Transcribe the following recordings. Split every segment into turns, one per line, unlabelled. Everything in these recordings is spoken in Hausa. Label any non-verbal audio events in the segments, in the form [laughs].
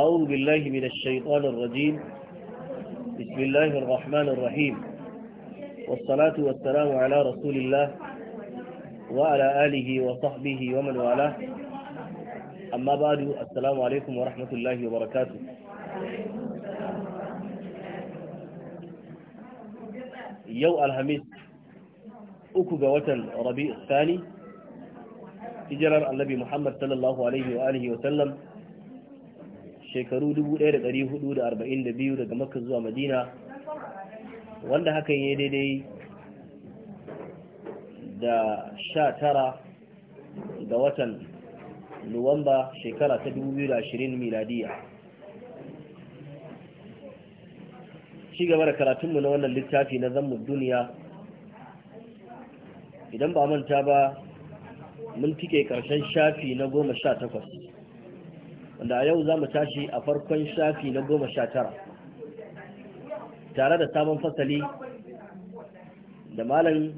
أعوذ بالله من الشيطان الرجيم بسم الله الرحمن الرحيم والصلاة والسلام على رسول الله وعلى آله وصحبه ومن والاه أما بعد السلام عليكم ورحمة الله وبركاته يو الهميس أكو قوة ربيع الثاني hijirar النبي محمد صلى الله عليه وآله وسلم shekaru 1442 daga makka zuwa madina wanda hakan ya daidai da sha tara ga watan nuwamba shekara ta 2020 miladiya
ci gaba da karatunmu na wannan littafi na
zammun duniya idan ba manta ba mun tike karshen shafi na goma sha takwas Da yau za mu tashi a farkon shafi na goma sha tara tare da sabon fasali da malam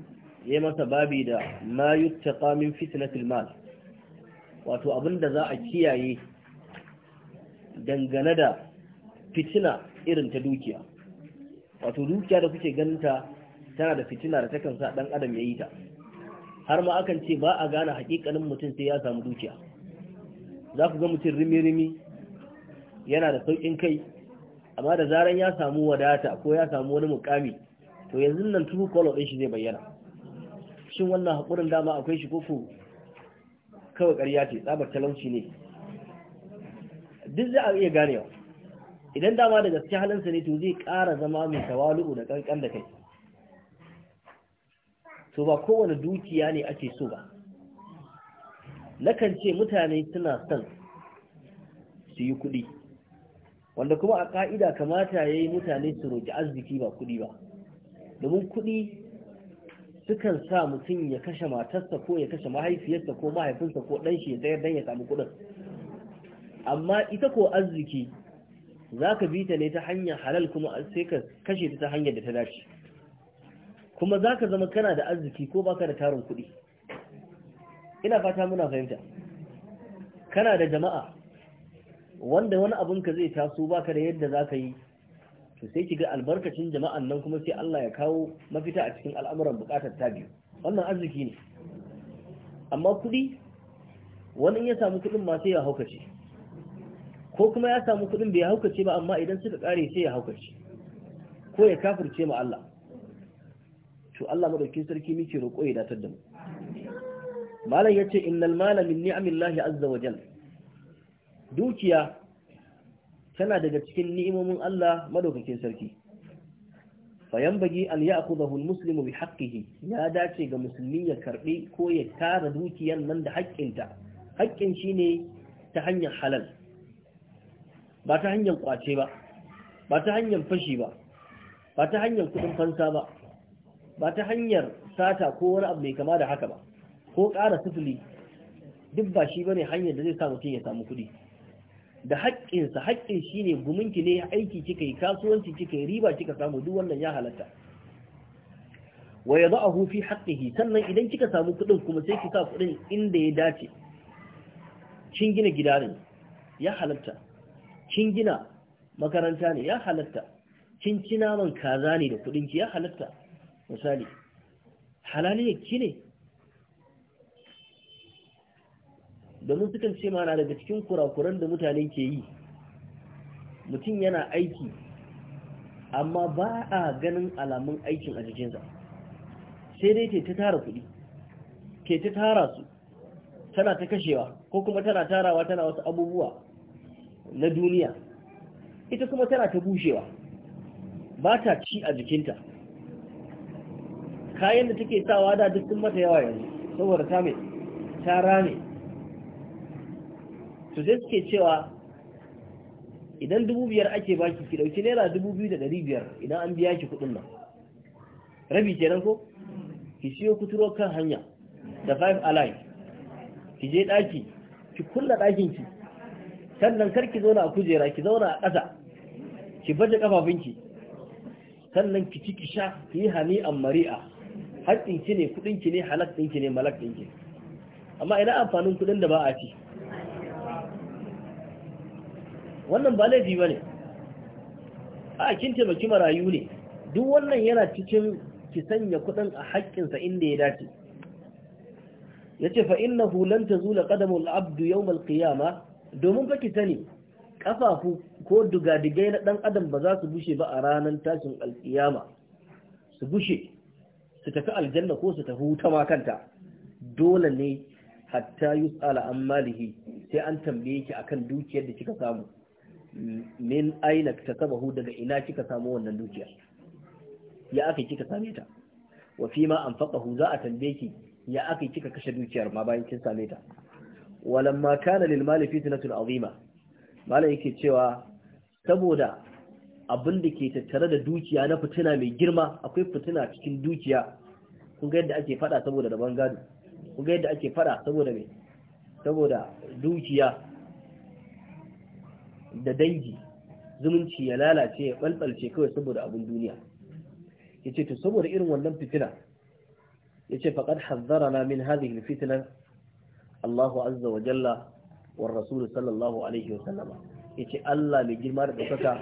ya masa babi da ma yuttaqa min fitnatil mal wato abinda za a kiyaye dangane da fitina irin ta dukiya wato dukiya da kuke ganta tana da fitina da takan sa dan adam ya yi ta har ma akan ce ba a gane hakikalin mutum sai ya samu dukiya za ku ga mutum rimi-rimi yana da sauƙin kai amma da zaren ya samu wadata ko ya samu wani mukami to yanzu nan tuhu kwallo ɗin shi zai bayyana shin wannan haƙurin dama akwai shi koko kawai ƙarya ce tsabar talauci ne duk za a iya gane ganewa idan dama da gaske halinsa ne to zai ƙara zama mai tawalu'u da ƙanƙan da kai to ba kowane dukiya ne ake so ba nakan ce mutane suna son su yi kuɗi wanda kuma a ƙa'ida kamata ya yi mutane su roƙi arziki ba kuɗi ba domin kuɗi sukan sa mutum ya kashe matarsa ko ya kashe mahaifiyarsa ko mahaifinsa ko ɗanshi ya tsayar don ya samu kuɗin amma ita ko arziki za ka bita ne ta hanyar halal kuma sai ka kashe ta ta hanyar da ta dace kuma za ka zama kana da arziki ko baka da tarin kuɗi ina fata muna fahimta kana da jama'a wanda wani abun ka zai taso baka da yadda zaka yi to sai kiga albarkacin jama'an nan kuma sai Allah ya kawo mafita a cikin al'amuran bukatar ta biyu wannan arziki ne amma kudi wani ya samu kudin ma sai ya haukace ko kuma ya samu kudin bai haukace ba amma idan suka kare sai ya haukace ko ya kafirce ma Allah to Allah madaukakin sarki muke roƙo ya datar da mu malam yace innal mala min ni'amillahi azza wa jalla dukiya tana daga cikin ni'imomin Allah madaukakin sarki fayanbagi an ya'khudhahu almuslimu bihaqqihi ya dace ga musulmi ya karbi ko ya tara dukiyar nan da haƙƙinta haƙƙin ne ta hanyar halal ba ta hanyar kwace ba ba ta hanyar fashi ba ba ta hanyar kudin fansa ba ba ta hanyar sata ko wani abu mai kama da haka ba ko ƙara sifili duk ba shi bane hanyar da zai sa mutum ya samu kuɗi da haƙƙinsa haƙƙin shi ne guminki ne aiki kika yi kasuwanci kika yi riba kika samu duk wannan ya halatta wa ya a hufi haƙƙihi sannan idan kika samu kuɗin kuma sai ki sa kuɗin inda ya dace kin gina gida ne ya halatta kin gina makaranta ne ya halatta kin ci naman kaza ne da kuɗin ki ya halatta misali halali ne ki ne domin sukan ce mana daga cikin kurakuran da mutane ke yi mutum yana aiki amma ba a ganin alamun aikin a jikinsa sai dai ke ta tara kuɗi ke ta tara su tana ta kashewa ko kuma tana tarawa tana wasu abubuwa na duniya ita kuma tana ta bushewa ba ta ci a jikinta kayan da take sawa da duk sun mata yawa yanzu saboda ta rame to sai suke cewa idan dubu biyar ake baki ki dauki naira dubu biyu da dari biyar idan an biya ki kuɗin nan rabi kenan ko ki siyo kuturo kan hanya da five alive ki je ɗaki ki kulla ɗakin ki sannan kar ki zauna a kujera ki zauna a ƙasa ki baje kafafunki sannan ki ci ki sha ki yi hani an mari'a haƙƙin ki ne kuɗin ki ne halak ki ne malak ɗin ki amma idan amfanin kuɗin da ba a ci wannan ba laifi ba ne a kin taimaki marayu ne duk wannan yana cikin ki sanya kudin a haƙƙinsa inda ya dace ya ce fa'innahu lan ta zula ƙadamun abdu yau malkiyama domin faki ki sani ƙafafu ko dugadigai na ɗan adam ba za su bushe ba a ranar tashin alƙiyama su bushe su tafi aljanna ko su tafi wuta ma kanta dole ne hatta yus'ala an malihi sai an tambaye ki akan dukiyar da kika samu min aina ka sabahu daga ina kika samu wannan dukiya ya aka kika same ta wa fi ma anfaqahu za a tambaye ki ya aka kika kashe dukiyar ma bayan kin same ta walamma kana lil mali fitnatun azima Malam yake cewa saboda abin da ke tattare da dukiya na fitina mai girma akwai fituna cikin dukiya kun ga yadda ake fada saboda daban gado kun ga yadda ake fada saboda mai saboda dukiya da dangi zumunci ya lalace ya ɓalɓalce kawai saboda abin duniya ya ce to saboda irin wannan fitina ya ce faƙad na min hadhihi fitinan Allahu azza wa jalla wa rasul sallallahu alaihi wa sallama ya ce Allah mai girma da ɗaukaka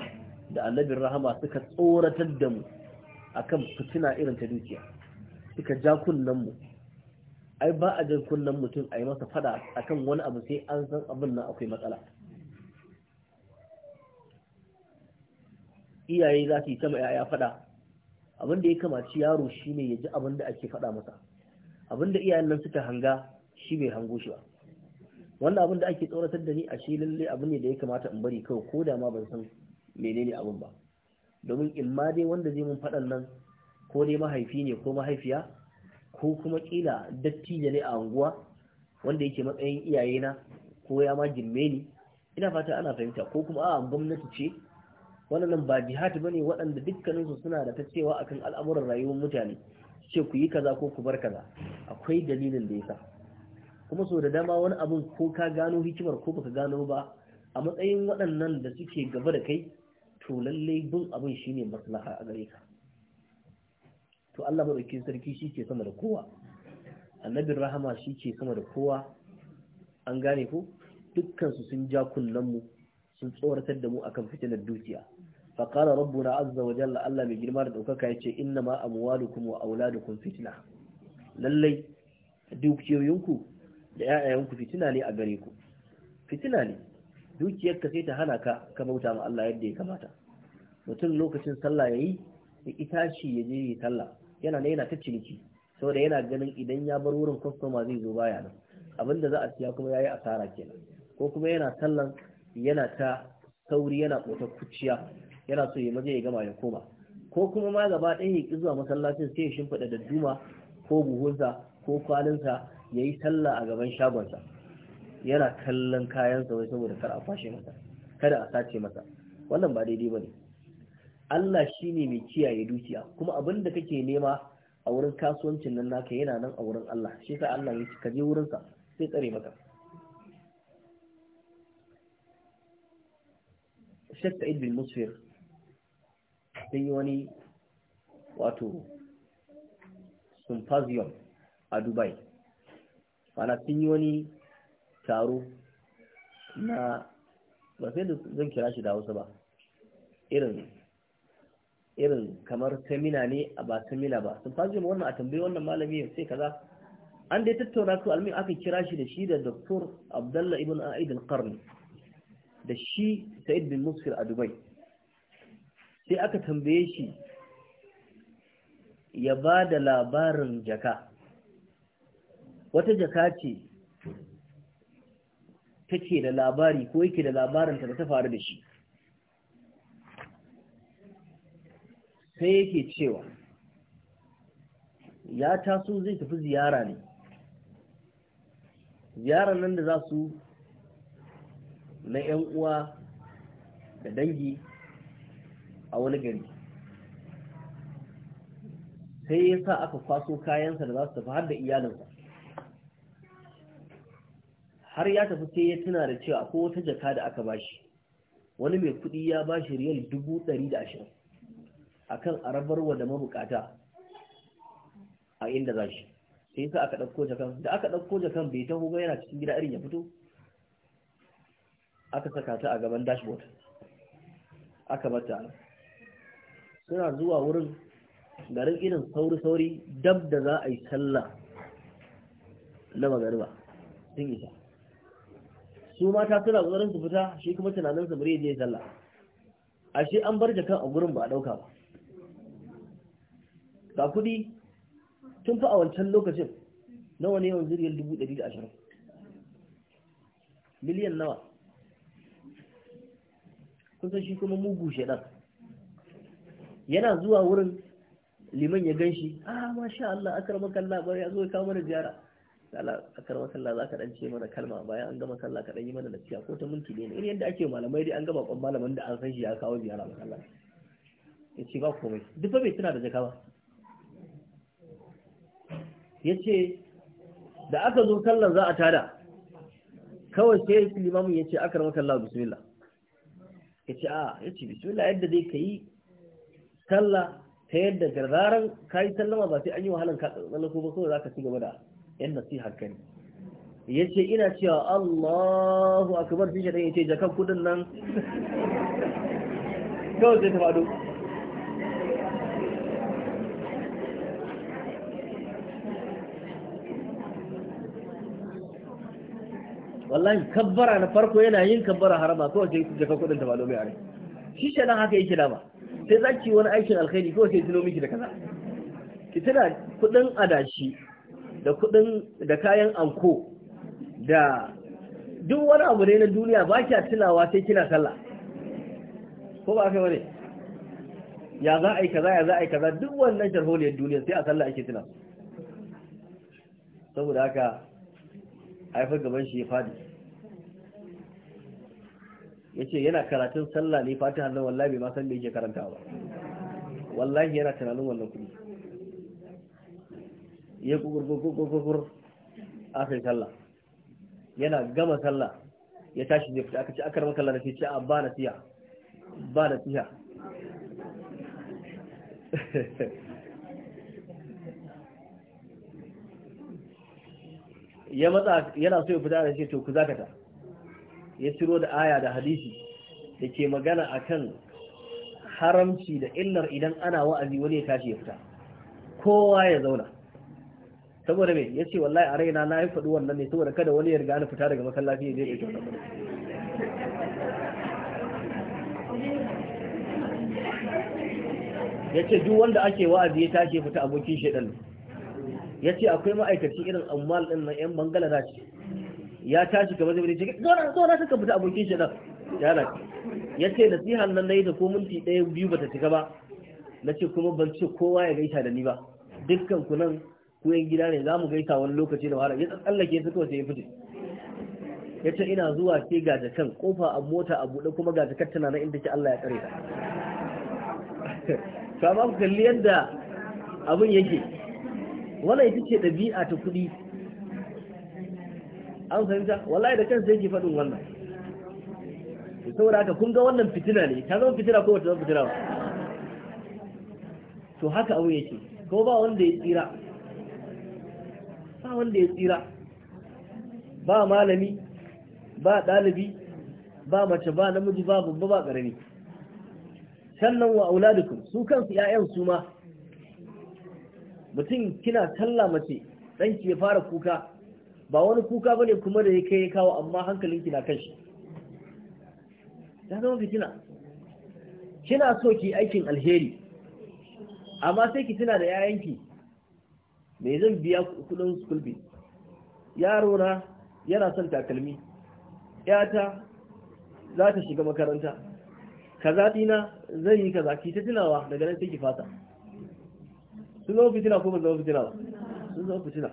da annabin rahama suka tsoratar da mu akan fitina irin ta dukiya suka ja kunnen mu ai ba a jan kunnen mutum a yi masa fada akan wani abu sai an san abin nan akwai matsala iyaye za su yi sama yaya faɗa abin da ya kamaci yaro shine ya ji abin da ake faɗa masa abin da iyayen nan suka hanga shi bai hango shi ba wannan abin da ake tsoratar da ni a shi lalle abin ne da ya kamata in bari kawai ko da ma ban san menene abin ba domin in ma dai wanda zai mun faɗan nan ko dai mahaifi ne ko mahaifiya ko kuma kila dattijo ne a unguwa wanda yake matsayin iyayena ko ya ma girme ni ina fata ana fahimta ko kuma a gwamnati ce waɗannan ba ba ne waɗanda dukkaninsu suna da ta cewa akan al'amuran rayuwar mutane ce ku yi kaza ko ku bar kaza akwai dalilin da yasa kuma so da dama wani abun ko ka gano hikimar ko baka gano ba a matsayin waɗannan da suke gaba da kai to lallai bin abin shine maslaha a gare ka to Allah madaukakin sarki shi ke sama da kowa annabin rahama shi ke sama da kowa an gane ko dukkan sun ja kunnen mu sun tsoratar da mu akan fitinar dukiya faƙara rabbuna azza wajen jalla Allah mai girma da ɗaukaka ya ce inna ma amwalukum wa auladukum fitna lallai dukiyoyinku da 'ya'yanku fitina ne a gare ku fitina ne dukiyar sai ta hana ka ka bauta ma Allah yadda ya kamata mutum lokacin sallah yayi ya itashi ya je yi sallah yana ne yana ta ciniki saboda yana ganin idan ya bar wurin kwastama zai zo baya nan abinda za a siya kuma ya yi asara kenan ko kuma yana sallan yana ta sauri yana ƙotar kuciya yana so ya maje ya gama ya koma ko kuma ma gaba ɗaya ya ƙi zuwa masallacin sai ya shimfiɗa duma ko buhunsa ko kwalinsa ya yi sallah a gaban shagonsa yana kallon kayansa wai saboda kar a fashe masa kada a sace masa wannan ba daidai ba ne Allah shi ne mai kiyaye dukiya kuma abin da kake nema a wurin kasuwancin nan naka yana nan a wurin Allah shi sa Allah ya ka je wurinsa sai tsare maka shakka Sa'id Musfir sun yi wani wato symposium a dubai mana sun yi wani taro na ba sai da zan kira shi da wasu ba irin irin kamar samina ne a ba samina ba symposium wannan a tambayi wannan malami sai kaza an dai tattauna su almin aka kira shi da shi da Dr. Abdullahi ibn Aid al-Qarni da shi Sa'id bin Musfir a Dubai sai aka tambaye shi ya ba da labarin jaka wata jaka ce take da labari ko yake da labarinta da ta faru da shi sai yake cewa ya taso zai tafi ziyara ne Ziyara nan da za su na 'yan uwa da dangi a wani gari sai ya sa aka kwaso kayansa da za su tafi har da iyalinsa har ya tafi sai ya tuna da cewa ko wata jaka da aka bashi wani mai kudi ya bashi riyal dubu ɗari da ashirin akan arabarwa da mabukata a inda za shi sai sa aka ɗauko jakan da aka ɗauko jakan bai taho ba yana cikin gida irin ya fito aka saka ta a gaban dashboard aka bata suna zuwa wurin garin irin sauri-sauri dab da za a yi sallah na magariba sun isa su mata suna ƙoƙarin su fita shi kuma tunanin su bari je sallah ashe an bar jakan a gurin ba a ɗauka ba ga kuɗi tun fi a wancan lokacin nawa ne yawan zuriyar dubu ɗari da ashirin miliyan nawa kun san shi kuma mugu shaidan yana zuwa wurin liman ya gan shi ah masha Allah akramaka Allah bari ya zo ya kawo mana ziyara A akramaka za ka dan ce mana kalma bayan an gama sallah ka dan yi mana nasiha ko ta minti ne irin yadda ake malamai dai an gama kon malaman da an san shi ya kawo ziyara ba Allah ya ce ba komai duk ba bai tuna da zaka ba ya ce da aka zo kallon za a tada kawai sai limamin ya ce akramaka Allah bismillah ya ce a ah, ya ce bismillah yadda zai kai Talla ta yadda gargaran ka yi sallama ba sai an yi wahalan ka ko ba kawai za ka ci gaba da yan nasihar ka ne ya ce ina cewa Allahu akbar sai shaɗan ya ce jakan kudin nan kawai sai ta faɗo wallahi kabbara na farko yana yin kabbara harama kawai sai jakan kudin ta faɗo mai a shi nan haka yake dama sai za ki wani aikin alkhairi kawai sai tuno miki da kaza ki tana kuɗin adashi da kudin da kayan anko da duk wani abu ne na duniya ba kya tunawa sai kina sallah ko ba kai wani ya za a yi kaza ya za a yi kaza duk wannan jarholiyar duniya sai a sallah ake tuna saboda haka haifar gaban shi ya fadi yace yana karatun sallah ne fatiha nan wallahi bai ma san me yake karanta ba wallahi yana tunanin wannan kudi ya kukur a yi sallah yana gama sallah ya tashi ne fita aka ce akar makalla na ce a ba na siya ba na siya
[laughs]
ya matsa yana so ya fita da ce to ku zakata ya ciro da aya da hadisi da ke magana akan haramci da illar idan ana wa'azi wani ya tashi ya fita kowa ya zauna saboda me ya ce wallahi a raina na yi faɗi wannan ne saboda kada wani ya riga na fita daga masallaci ya je ya kyauta ya ce duk wanda ake wa'azi ya tashi ya fita abokin shaidan ya ce akwai ma'aikaci irin amma ɗin na 'yan bangala bangaladesh ya tashi gaba zai bude ce zona na suka fita abokin shi nan yana ya ce nasihan nan na yi da ko minti ɗaya biyu bata cika ba na ce kuma ban ce kowa ya gaita da ni ba dukkan ku nan ku yan gida ne za mu gaita wani lokaci da wahala ya tsallake su kawai sai ya fice ya ce ina zuwa ke ga jakan kofa a mota a buɗe kuma ga jakar tana na inda ke Allah ya tsare ta Kamar [laughs] ku kalli yadda abin yake wannan ita ce ɗabi'a ta kuɗi an fahimta wallahi da kansa yake faɗin wannan saboda haka kun ga wannan fitina ne ta zama fitina ko wata zama fitina ba to haka abu yake ko ba wanda ya tsira ba wanda ya tsira ba malami ba ɗalibi ba mace ba namiji ba babba ba ƙarami sannan wa auladukum su kansu 'ya'yan su ma mutum kina talla mace ɗanki ya fara kuka ba wani kuka bane kuma da ya kai ya kawo amma hankalinki na kan shi ya zama fitina kina so ki aikin alheri amma sai ki tuna da yayanki me zan biya kudin sulbi yaro na yana son takalmi yata za ta shiga makaranta kaza dina zan yi kaza ki ta tunawa daga nan sai ki fata sun zama fitina ko ba zama fitina ba sun zama fitina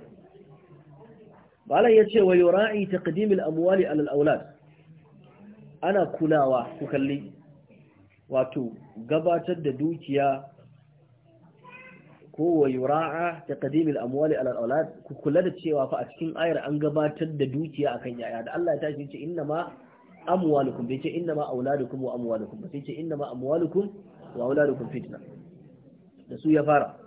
malam ya ce wa yura'i taqdimil amwali al aulad ana kulawa ku kalli wato gabatar da dukiya ko wa yura'a taqdimil amwali al aulad ku kula da cewa fa a cikin ayar an gabatar da dukiya akan yaya da Allah ya tashi ce inna ma amwalukum bi ce inna ma auladukum wa amwalukum bi ce inna ma amwalukum wa auladukum fitna da su ya fara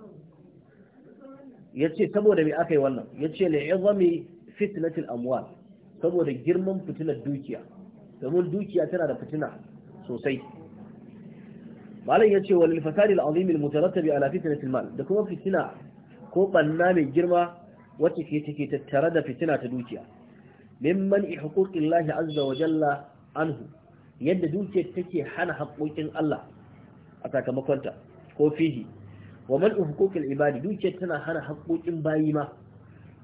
yace saboda me aka yi wannan yace li'izami fitnatil amwal saboda girman fitinar dukiya domin dukiya tana da fitina sosai malam ya ce walil fasadil azim al mutarattabi ala fitnatil mal da kuma fitina ko banna mai girma wacce ke take tattare da fitina ta dukiya mimman ihquqillahi azza wa jalla anhu yadda dukiyar take hana haƙoƙin Allah a sakamakonta ko fihi wa man ihquqil ibadi dukiyar tana hana haƙoƙin bayi ma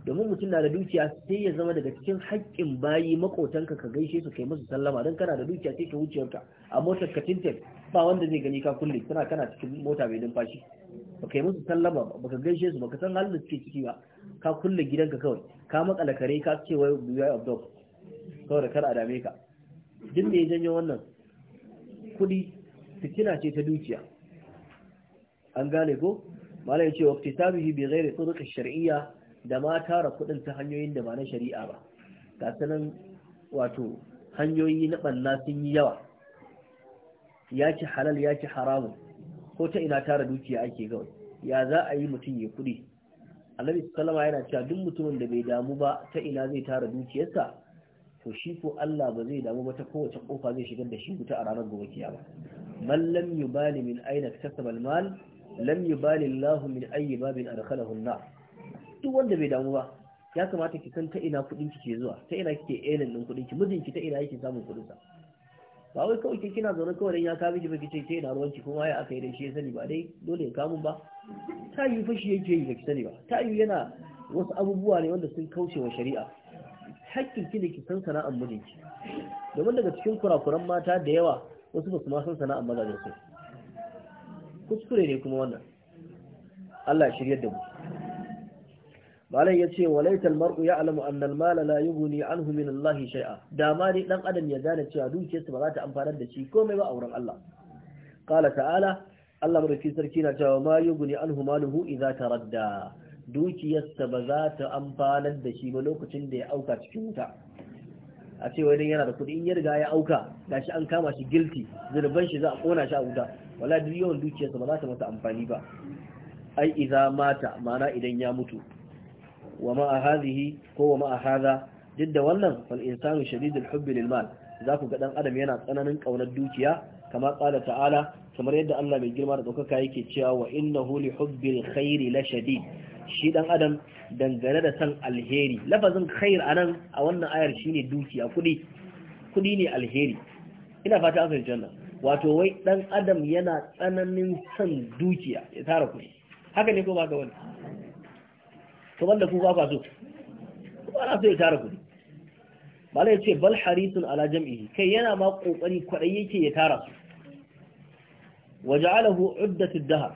domin mutum na da dukiya sai ya zama daga cikin haƙƙin bayi makotanka ka gaishe su kai musu sallama don kana da dukiya sai ka wuciyarka a motar ka tintin ba wanda zai gani ka kulle tana kana cikin mota mai numfashi ba kai musu sallama ba ka gaishe su ba ka san halin da suke ciki ba ka kulle gidanka kawai ka makala kare ka ce wai beware of dog saboda kar a dame ka duk da ya janyo wannan kuɗi fitina ce ta dukiya an gane ko malai ce wa fitabihi bi ghairi turuq shar'iyya da ma tara kuɗin ta hanyoyin da ba na shari'a ba ga sanan wato hanyoyi na banna sun yi yawa ya ci halal ya ci haramun ko ta ina tara dukiya ake gawai ya za a yi mutum ya kudi? annabi sallama yana cewa duk mutumin da bai damu ba ta ina zai tara dukiyarsa to shi ko Allah ba zai damu ba ta kowace kofa zai shigar da shi wuta a ranar gobe kiyama man lam yubali min aina kasaba almal lam yubali Allah min ayyi babin adkhalahu an-nar duk wanda bai damu ba ya kamata ki san ta ina kudin ki ke zuwa ta ina kike ailin din kudin ki mijin ki ta ina yake samun kudin sa ba wai kawai kina zaune kawai ya ka miki ba kice ta ina ruwan ki kuma ya aka yi da shi ya sani ba dai dole ya kamun ba ta yi fashi yake yi ki sani ba ta yi yana wasu abubuwa ne wanda sun kauce wa shari'a hakkin ki ne ki san sana'ar mijinki domin daga cikin kurakuran mata da yawa wasu ba su ma san sana'ar mazajen su kuskure ne kuma wannan Allah ya shiryar da mu malam ya ce wa laital mar'u ya alamu al-mala la yughni anhu min Allah shay'a da ma dai dan adam ya gane cewa dukiyarsa ba za ta amfanar da shi komai ba a wurin Allah Kala ta'ala Allah madauki sarki na cewa ma yughni anhu maluhu idza taradda dukiyarsa ba za ta amfanar da shi ba lokacin da ya auka cikin wuta a ce wai yana da kuɗi in ya riga ya auka gashi an kama shi guilty zurban shi za a kona shi a wuta wala duk yawan dukiyarsa ba za ta masa amfani ba ai idza mata ma'ana idan ya mutu wa ma'a hadhihi ko wa ma'a hadha duk da wannan fal insanu shadidul hubbi lil mal za ku ga dan adam yana tsananin kaunar dukiya kama qala ta'ala kamar yadda Allah mai girma da daukaka yake cewa wa innahu li hubbil khairi la shadid shi dan adam dangane da san alheri lafazin khair anan a wannan ayar shine dukiya kudi kudi ne alheri ina fata an fahimci wato wai dan adam yana tsananin san dukiya ya tara kudi haka ne ko ba ga wani to banda ku ba so ba na so ya tara kuɗi malai ce bal harisun ala jam'ihi kai yana ma kokari kwaɗai yake ya tara su waja'alahu uddatud dahar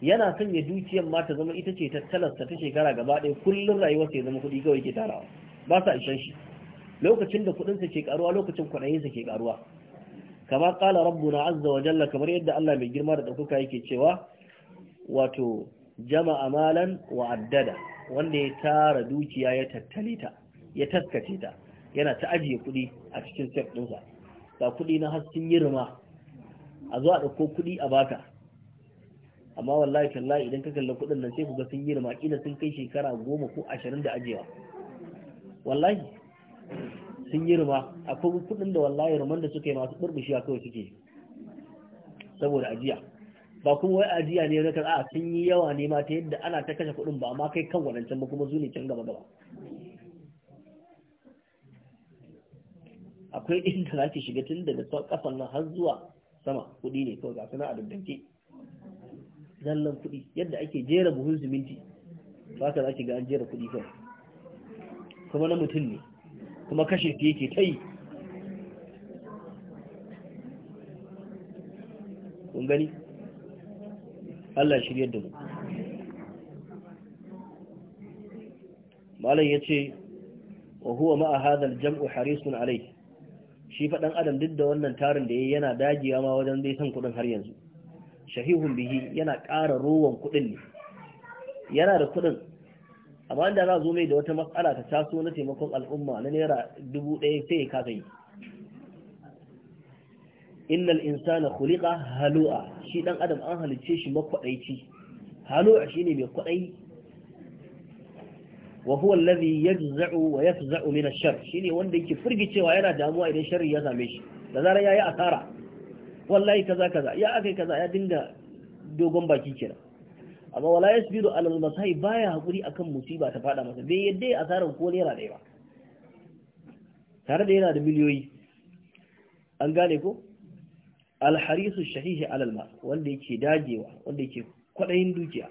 yana son ya dukiyar ma ta zama ita ce tattalarsa ta shekara gaba ɗaya kullum rayuwar ya zama kuɗi kawai ke tarawa ba sa ishan shi lokacin da kuɗinsa ke karuwa lokacin sa ke karuwa kama ƙala rabbuna azza wa jalla kamar yadda Allah mai girma da ɗaukaka yake cewa wato jama'a malan wa addada wanda ya tara dukiya ya tattale ta ya taskace ta yana ta ajiye kuɗi a cikin sef ɗinsa ga kuɗi na haskin yirma a zo a ɗauko kuɗi a baka amma wallahi tallahi idan ka kalla kuɗin nan sai ku ga sun yirma kila sun kai shekara goma ko ashirin da ajiyewa wallahi sun yirma akwai kuɗin da wallahi ruman da suka yi masu burbushiya kawai suke saboda ajiya ba kuma wai ajiya ne na kan a sun yi yawa ne ma ta yadda ana ta kashe kuɗin ba ma kai kan wadancan ba kuma zuni can gaba gaba akwai inda za ki shiga tun daga kafan nan har zuwa sama kuɗi ne kawai ga na a zallan kuɗi yadda ake jera buhun siminti ba ka za ki ga an jera kuɗi kawai kuma na mutum ne kuma kashe ta yake ta yi kun gani Allah shirye da mu malam ya ce, wa huwa ma'a hadar jamu harisun alai. shi fa adam duk da wannan tarin da ya yana dajiya ma wajen zai san kudin har yanzu shahihun bihi yana ƙara rowan kudin ne yana da kudin amma inda za zo mai da wata matsala ta taso na taimakon al'umma na naira dubu ɗaya sai ya kasa yi innal insana khuliqa halu'a shi dan adam an halice shi makwadaici halu'a shine mai kwadai wa huwa alladhi yajza'u wa yafza'u min ash-shar shine wanda yake furgicewa yana damuwa idan sharri ya same shi da zarar yayi asara wallahi kaza kaza ya akai kaza ya dinga dogon baki kenan amma wala yasbiru ala al-masai baya hakuri akan musiba ta fada masa bai yadda ya asaran ko naira ɗaya ba tare da yana da miliyoyi an gane ko alharisu shahihi alal mal wanda yake dajewa. wanda yake kwadayin dukiya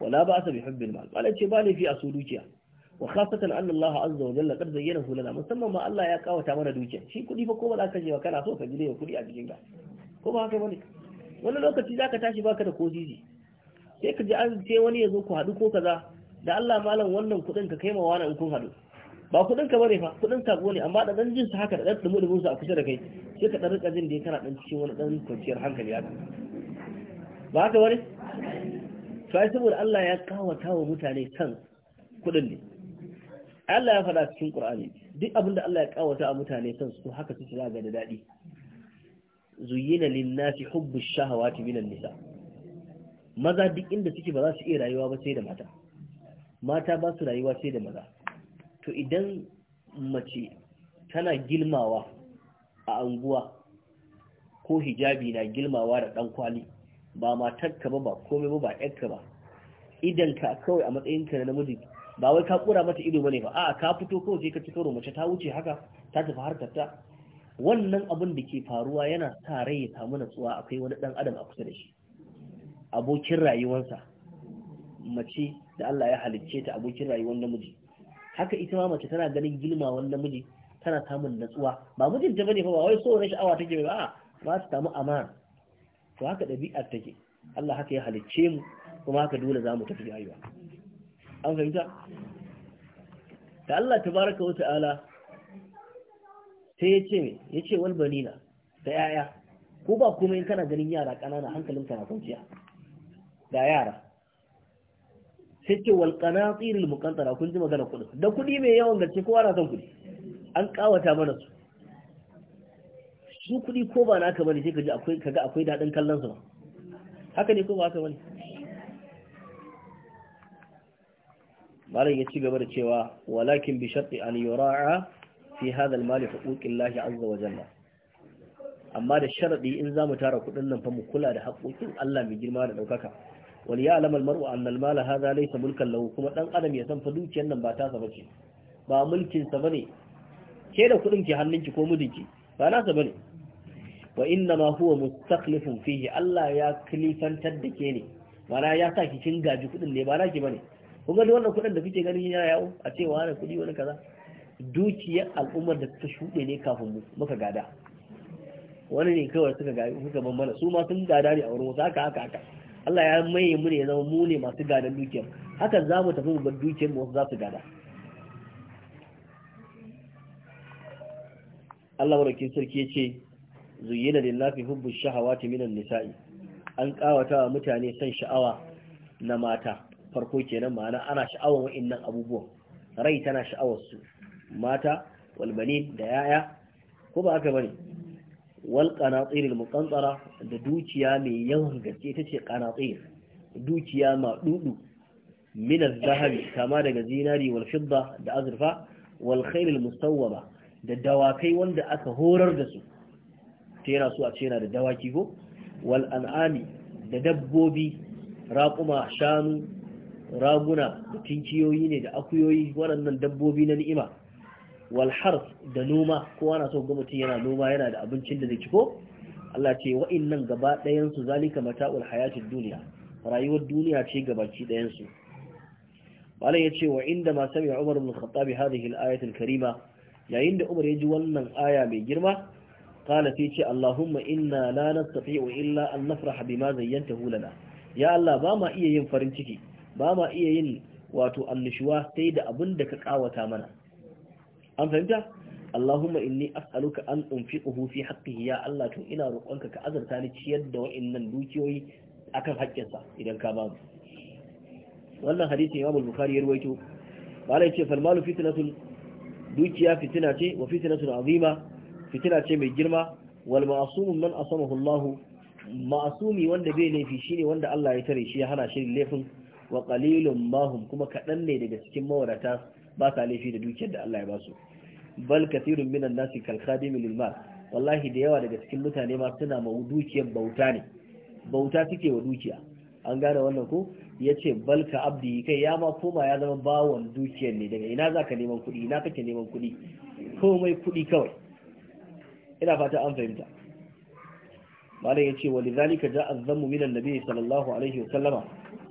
wala ba asa bi hubbil mal bala ce ba laifi a su dukiya wa khasatan anna Allah azza wa jalla qad zayyana lana musamman ma Allah ya kawata mana dukiya shi kudi fa ko ba za ka je kana so ka ji da kudi a cikin ka ko ba haka bane wani lokaci zaka tashi baka da kosisi sai ka ji an ce wani ya zo ku hadu ko kaza da Allah malam wannan kuɗin ka kaima ma wani in kun haɗu ba kudin ka bane fa kudin ka ne amma da dan jin sa haka da dan dumu dumu su a kusa da kai sai ka dan rika jin da kana dan cikin wani dan kwanciyar hankali haka ba haka wani sai saboda Allah ya kawata wa mutane kan kudin ne Allah ya faɗa cikin Qur'ani duk abin da Allah ya kawata a mutane kan su haka su shiga ga da dadi zuyyina lin-nasi hubbu shahawati minan nisa maza duk inda suke ba za su iya rayuwa ba sai da mata mata ba su rayuwa sai da maza to idan mace tana gilmawa a anguwa ko hijabi na gilmawa da ɗan kwali ba matarka ba ba komai ba ba ƴarka ba ka kawai a matsayinka na namiji ba wai ka kura mata ido bane ba a'a ka fito kawai sai ka ci karo mace ta wuce haka ta tafi harkar ta wannan abin da ke faruwa yana sa rai ya samu natsuwa akwai wani dan adam a kusa da shi abokin rayuwarsa mace da Allah ya halicce ta abokin rayuwar namiji haka ita ma mace tana ganin girmawan namiji tana samun natsuwa ba mijinta bane fa ba wai so na sha'awa take ba ba ta samu amana to haka ɗabi'ar take Allah haka ya halicce mu kuma haka dole za tafi rayuwa an fahimta da Allah tabaraka wa ta'ala sai yace me yace wal banina da yaya ko ba kuma in kana ganin yara kanana hankalinka na kwanciya da yara sai ce wal qanatir al muqantara kun ji magana kudi da kudi mai yawan gace kowa na son kudi an kawata mana su su kudi ko ba naka bane sai kaji akwai kaga akwai dadin kallon su haka ne ko ba haka bane malam ya ci gaba da cewa walakin bi sharti an yura'a fi hadha al mali huquqillahi azza wa jalla amma da sharadi in za mu tara kudin nan fa mu kula da haƙoƙin Allah mai girma da daukaka wal ya'lam al mar'u anna al mala hadha laysa mulkan lahu kuma dan adam ya san fa dukiyar nan ba ta sa bace ba mulkin sa bane ke da kudin ki hannun ki ko ki ba na sa bane wa inna ma huwa mustakhlifun fihi Allah ya kilifantar da ke ne mana ya sa ki kin gaji kudin ne ba na ki bane kun ga wannan kudin da kuke ganin yana yawo a cewa wani kudi wani kaza dukiyar al'ummar da ta shuɗe ne kafin mu muka gada wani ne kawai suka gada suka bambana mana su ma sun gada ne a wurin wasu haka haka haka Allah ya maye mu ne ya zama mu ne masu gadan dukiyar hakan za mu tafi mu bar dukiyar mu wasu za su gada Allah barkin sarki ya ce zuyyina lillahi hubbu shahawati minan nisa'i an kawata wa mutane son sha'awa na mata farko kenan ma'ana ana sha'awar wa'annan abubuwan rai tana sha'awar su mata walbani da yaya ko ba aka bane wal qanatir al muqantara da dukiya mai yawan gaske ita ce qanatir dukiya ma dudu min al zahabi kama daga zinari wal fidda da azurfa wal khayl al da dawakai wanda aka horar da su tera su a ce da dawaki ko wal an'ami da dabbobi raƙuma shanu raguna da ne da akuyoyi waɗannan dabbobi na ni'ima wal da noma kowa na so ga mutum yana noma yana da abincin da zai ci ko Allah ce wa'innan gaba ɗayan su zalika mata'ul hayatid duniya rayuwar duniya ce gabaci ɗayan su malam ce wa inda ma sami Umar ibn Khattab hadhihi al-ayat al-karima yayin da Umar ya ji wannan aya mai girma qala sai ce Allahumma inna la nastati'u illa an nafraha bima zayyantahu lana ya Allah ba ma iya yin farin ciki ba ma iya yin wato annishuwa sai da abin da ka kawata mana an fahimta Allahumma inni as'aluka an unfiqahu fi haqqihi ya Allah to ina roƙonka ka azurta ni ciyar da wa'annan dukiyoyi akan haƙƙinsa idan ka ba mu wannan hadisi Imam Bukhari ya rawaito bala yace fal malu fitnatun dukiya fitina ce wa fitnatun azima fitina ce mai girma wal ma'sumun man asamahu Allah ma'sumi wanda bai laifi shine wanda Allah ya tare shi ya hana shi laifin wa qalilun mahum kuma kaɗan ne daga cikin mawarata ba sa laifi da dukiyar da Allah ya ba su bal kathirun minan nasi kal khadimi lil mal wallahi da yawa daga cikin mutane ma suna ma dukiyar bauta ne bauta suke wa dukiya an gane wannan ko yace bal ka abdi kai ya ma koma ya zama bawon dukiyar ne daga ina zaka neman kuɗi ina kake neman kuɗi komai kuɗi kawai ina fata an fahimta malam yace lidhalika ja'a dhammu min annabi sallallahu alaihi wa sallama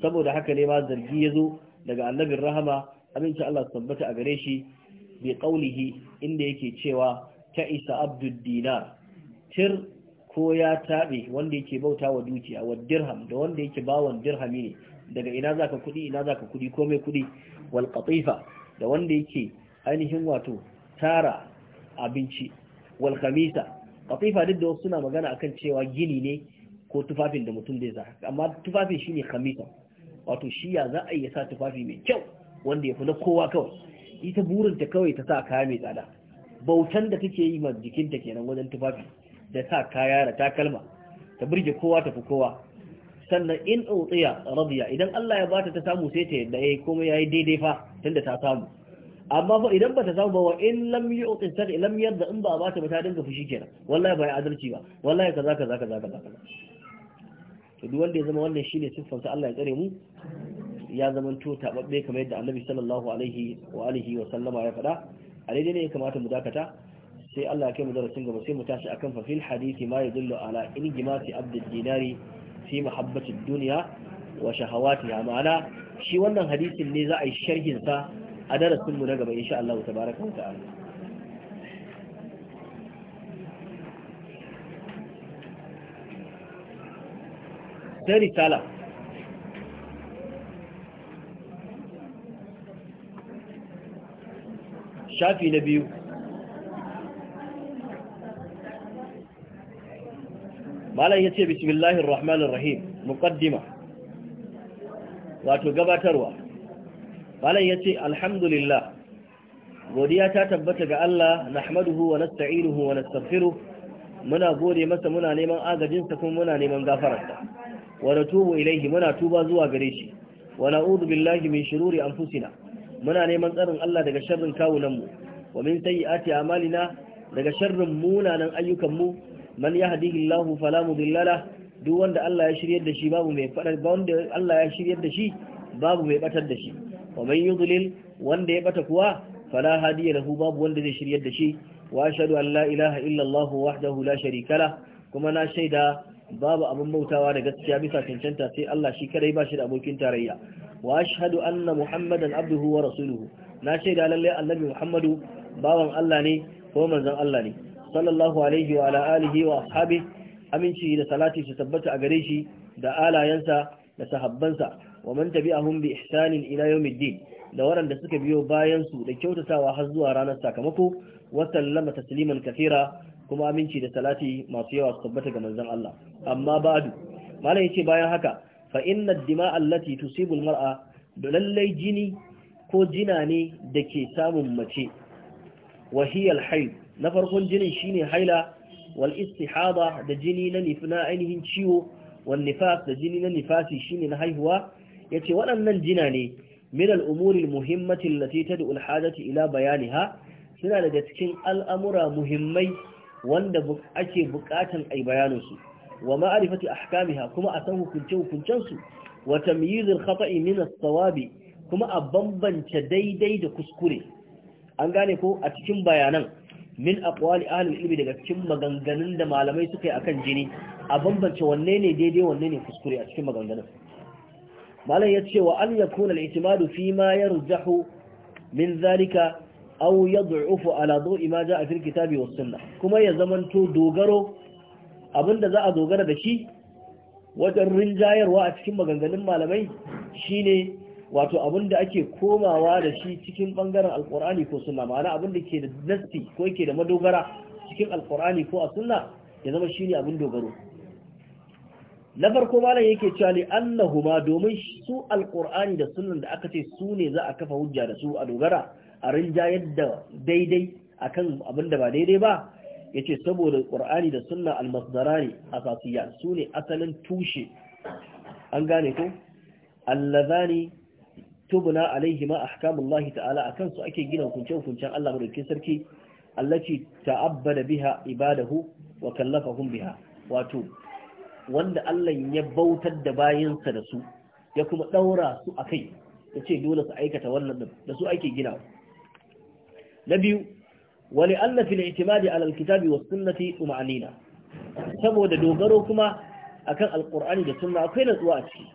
saboda haka ne ma zargi yazo daga annabin rahama aminci Allah su tabbata a gare shi bi qaulihi inda yake cewa ta isa abdul dinar tir ko ya taɓe wanda yake bauta wa dukiya wa dirham da wanda yake bawan dirhami ne daga ina zaka kuɗi ina zaka kuɗi ko mai kuɗi wal qatifa da wanda yake ainihin wato tara abinci wal khamisa qatifa duk da wasu suna magana akan cewa gini ne ko tufafin da mutum zai sa amma tufafin shine khamisa wato shi ya za a yi sa tufafi mai kyau wanda ya fi na kowa kawai ita burinta kawai ta sa kaya mai tsada bautan da take yi ma jikinta kenan wajen tufafi da sa kaya da takalma ta burge kowa ta fi kowa sannan in utsiya radiya idan Allah ya bata ta samu sai ta yadda yayi eh, komai yayi daidai fa tunda ta samu amma fa idan bata samu ba wa in lam yu'ti sar lam yadda in ba bata ba ta dinga fushi kenan wallahi ba ya adalci ba wallahi kaza kaza kaza kaza to duk wanda ya zama wannan shine siffar sa Allah ya tsare mu ya to tababbe kamar yadda annabi sallallahu alaihi wa alihi wa sallama ya faɗa a daidai ne ya kamata mu dakata sai Allah ya kai mu darasin gaba sai mu tashi akan fa fil hadisi ma yadullu ala ingimasi abdul dinari fi mahabbati dunya wa shahawatiha ma'ana shi wannan hadisin ne za a yi sharhin sa a darasin mu na gaba insha Allah tabaraka wa ta'ala sai risala shafi na biyu malam ya ce bismillahir rahmanir rahim muqaddima wato gabatarwa malam ya ce alhamdulillah godiya ta tabbata ga Allah nahmaduhu wa nasta'inuhu wa nastaghfiruh muna gode masa muna neman agajinsa kuma muna neman gafararsa wa natubu ilaihi muna tuba zuwa gare shi wa na'udhu billahi min shururi anfusina muna neman tsarin Allah daga sharrin kawunanmu wa min sayyiati a'malina daga sharrin munanan ayyukanmu man yahdihillahu fala mudilla la duk wanda Allah ya shiryar da shi babu mai fadar ba wanda Allah ya shiryar da shi babu mai batar da shi wa man yudlil wanda ya bata kuwa fala hadiya lahu babu wanda zai shiryar da shi wa ashhadu an la ilaha illa Allah wahdahu la sharika la kuma na shaida babu abin bautawa da gaskiya bisa cancanta sai Allah shi kadai ba shi da abokin tarayya wa ashhadu anna muhammadan abduhu wa rasuluhu na shaida lalle annabi muhammadu bawan Allah ne ko manzon Allah ne sallallahu alaihi wa ala alihi wa ashabi aminci da salati su tabbata a gare shi da alayansa da sahabbansa wa man tabi'ahum bi ihsanin ila yawmiddin da waɗanda suka biyo bayan su da kyautatawa har zuwa ranar sakamako wa sallama tasliman kathira kuma aminci da salati masu yawa su tabbata ga manzon Allah amma ba'du malam yace bayan haka fa inna ad-dima'a allati tusibu al lallai jini ko jina ne da ke samun mace wa hiya al na farkon jinin shine haila wal istihada da jini na nifna ainihin ciwo wal nifas da jini na nifasi shine na haihuwa yace waɗannan jina ne min al-umuri al-muhimmati allati tad'u al-hajati ila bayaniha suna daga cikin al'amura muhimmai wanda ake bukatan ai su wa ma'arifati ahkamiha kuma a san hukunce hukuncen su wa tamyizul khata'i min as-sawabi kuma a bambance daidai da kuskure an gane ko a cikin bayanan min aqwali ahli ilmi daga cikin maganganun da malamai suka yi akan jini a bambance wanne ne daidai wanne ne kuskure a cikin maganganun malam ya ce wa an yakuna al-i'timadu fi ma yarjahu min zalika aw yad'ufu ala dawi ma ja'a fil kitabi was sunnah kuma ya zamanto dogaro Abin da za a dogara da shi wajen rinjayarwa a cikin maganganun malamai shine wato abin da ake komawa da shi cikin bangaren alkur'ani ko sunna ma'ana abin da ke da nasti ko yake da madogara cikin alkur'ani ko a sunna ya zama shine abin dogaro na farko malam yake cewa li annahuma domin su alkur'ani da sunnan da aka ce su ne za a kafa hujja da su a dogara a rinjayar da daidai akan abin da ba daidai ba yace saboda qur'ani da sunna a masdarani su sune asalin tushe an gane ko allazani tubna alaihima ahkamullahi ta'ala akan su ake gina hukunce-hukuncen Allah madaukakin sarki allaci ta'abbada biha ibadahu wa kallafahum biha wato wanda Allah ya bautar da bayansa da su ya kuma daura su Ya yace dole su aikata wannan da su ake gina na biyu ولأن في الاعتماد على الكتاب والسنة طمأنينة saboda dogaro kuma akan alkur'ani da sunna akwai natsuwa a ciki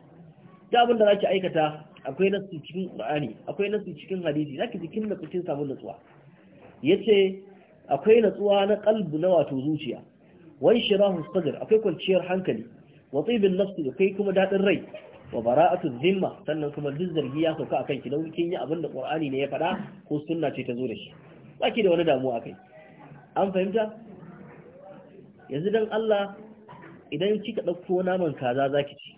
ta abin da zaki aikata akwai nasu cikin qur'ani akwai nasu cikin hadisi zaki jikin da cikin samu natsuwa yace akwai natsuwa na qalbu na wato zuciya wai shirahu akwai kwanciyar hankali wa tibin nafsi da kai kuma daɗin rai wa bara'atu dhimma sannan kuma duk zargi ya sauka akan ki dan kin yi abin da qur'ani ne ya faɗa ko sunna ce ta zo da shi baki da wani damuwa kai an fahimta yanzu dan Allah idan kika ɗauko naman kaza zaki ci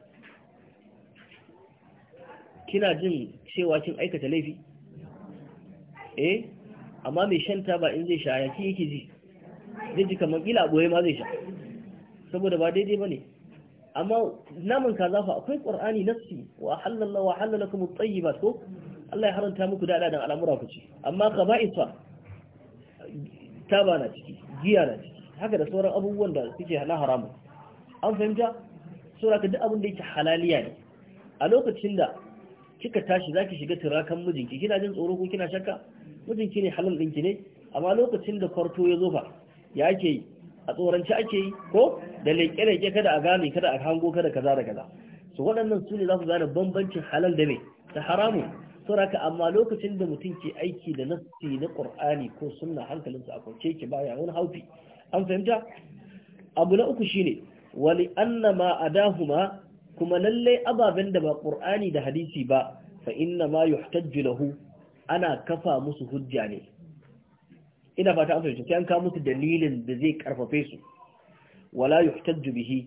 kina jin cewa kin aikata laifi eh amma mai shan ba in zai sha ki yake ji zai ji kamar kila boye ma zai sha saboda ba daidai bane amma naman kaza fa akwai qur'ani nafsi wa halalla wa halalakum at-tayyibat ko Allah ya haranta muku da da al'amura ku ci amma qaba'is fa taba na ciki giya na ciki haka da sauran abubuwan da suke na haramun an fahimta saura ka duk abin da yake halaliya ne a lokacin da kika tashi zaki shiga turakan mijinki kina jin tsoro ko kina shakka mijinki ne halal ɗinki ne amma lokacin da kwarto ya zo fa ya ake yi a tsoranci ake yi ko da leke-leke kada a gane kada a hango kada kaza da kaza su waɗannan su ne za su gane bambancin halal da me da haramun sauraka amma lokacin da mutum ke aiki da nassi na qur'ani ko sunna hankalinsa a kwance ki baya wani haufi an fahimta abu na uku shine wali annama adahuma kuma lalle ababen da ba qur'ani da hadisi ba fa inna ma yuhtajju lahu ana kafa musu hujja ne ina fata an fahimta sai an kawo musu dalilin da zai karfafe su wala yuhtajju bihi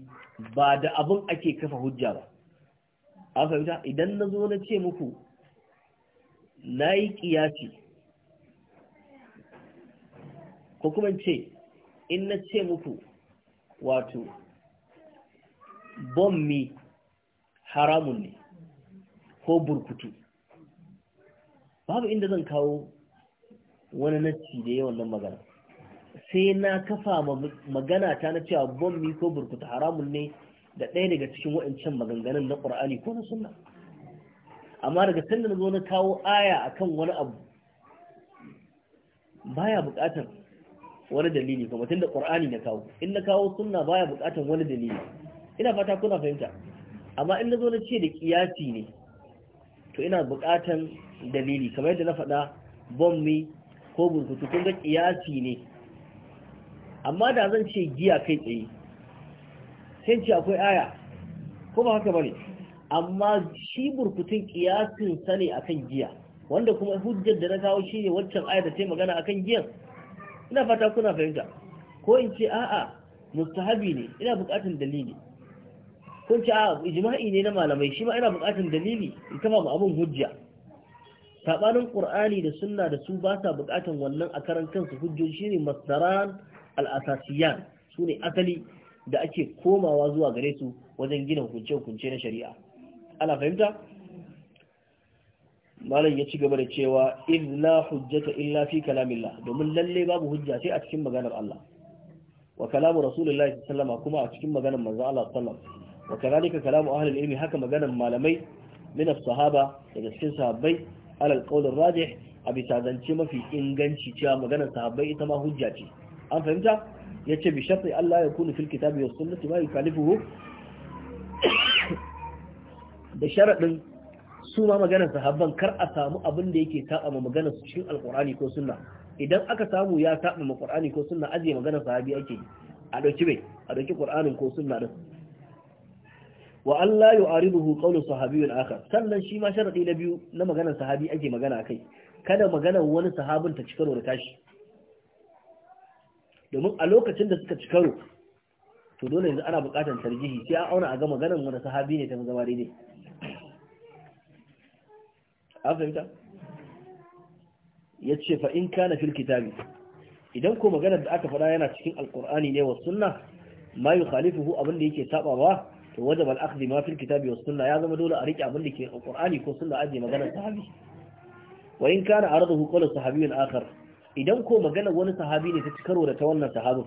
ba da abun ake kafa hujja ba an fahimta idan na zo na ce muku na yi ƙiyasi ko kuma ce in na ce muku wato bommi haramun ne ko burkutu babu inda zan kawo wani nacci da yawan nan magana sai na kafa magana ta na cewa bommi ko burkutu haramun ne da ɗaya daga cikin waɗancan maganganun na ƙur'ani ko na sunna amma daga sanda na zo na kawo aya akan wani abu baya bukatar wani dalili kuma da qur'ani na kawo in na kawo suna baya bukatar wani dalili ina fata kuna fahimta amma in na zo na ce da kiyasi ne to ina buƙatan dalili kamar yadda na faɗa bommi ko burkutu kun ga kiyasi ne amma da zan ce giya kai tsaye sai ce akwai aya ko ba haka bane amma shi burkutun kiyasin sa ne akan giya wanda kuma hujjar da na kawo shi ne waccan ayar da ta magana akan giyan ina fata kuna fahimta ko in ce a'a mustahabi ne ina bukatun dalili ko in ce a'a ijma'i ne na malamai shi ma ina bukatun dalili in kafa mu abun hujja sabanin qur'ani da sunna da su ba sa bukatun wannan a karan kansu hujjoji shine masdaran al-asasiyan sune asali da ake komawa zuwa gare su wajen gina hukunce-hukunce na shari'a ana fahimta malam ya ci gaba da cewa in na hujjata illa fi kalamillah domin lalle babu hujja sai a cikin maganar Allah wa kalamu rasulullahi sallama kuma a cikin maganar manzo Allah sallam wa kadhalika kalamu ahli ilmi haka maganar malamai min as-sahaba daga cikin sahabbai ala al-qawl ar-rajih a bisa mafi inganci cewa maganar sahabbai ita ma hujja ce an fahimta yace bi sharti Allah ya kunu fil kitabi was sunnati ma yukhalifuhu da sharaɗin su ma maganar sahabban kar a samu abin da yake taɓa ma maganar su cikin Alƙur'ani ko sunna idan aka samu ya taɓa ma ƙur'ani ko sunna aje maganar sahabi ake yi a dauki bai a dauki qur'anin ko sunna din wa an la yu'ariduhu qawlu sahabiyyin akhar sannan shi ma sharadi na biyu na maganar sahabi ake magana kai, kada maganar wani sahabin ta cikaro da tashi domin a lokacin da suka cikaro to dole yanzu ana buƙatar tarjihi sai an auna a ga maganar wani sahabi ne ta zama daidai afinta ya ce kana fil kitabi idan ko maganar da aka fada yana cikin alkur'ani ne wa sunna ma yi khalifuhu abin yake taɓa ba to wajen al'akhdhi ma fil kitabi wa sunna ya zama dole a riƙe abinda da ke alkur'ani ko sunna aje maganar sahabi wa in kana aradahu qawlu sahabiyun akhar idan ko maganar wani sahabi ne ta ci karo da ta wannan sahabin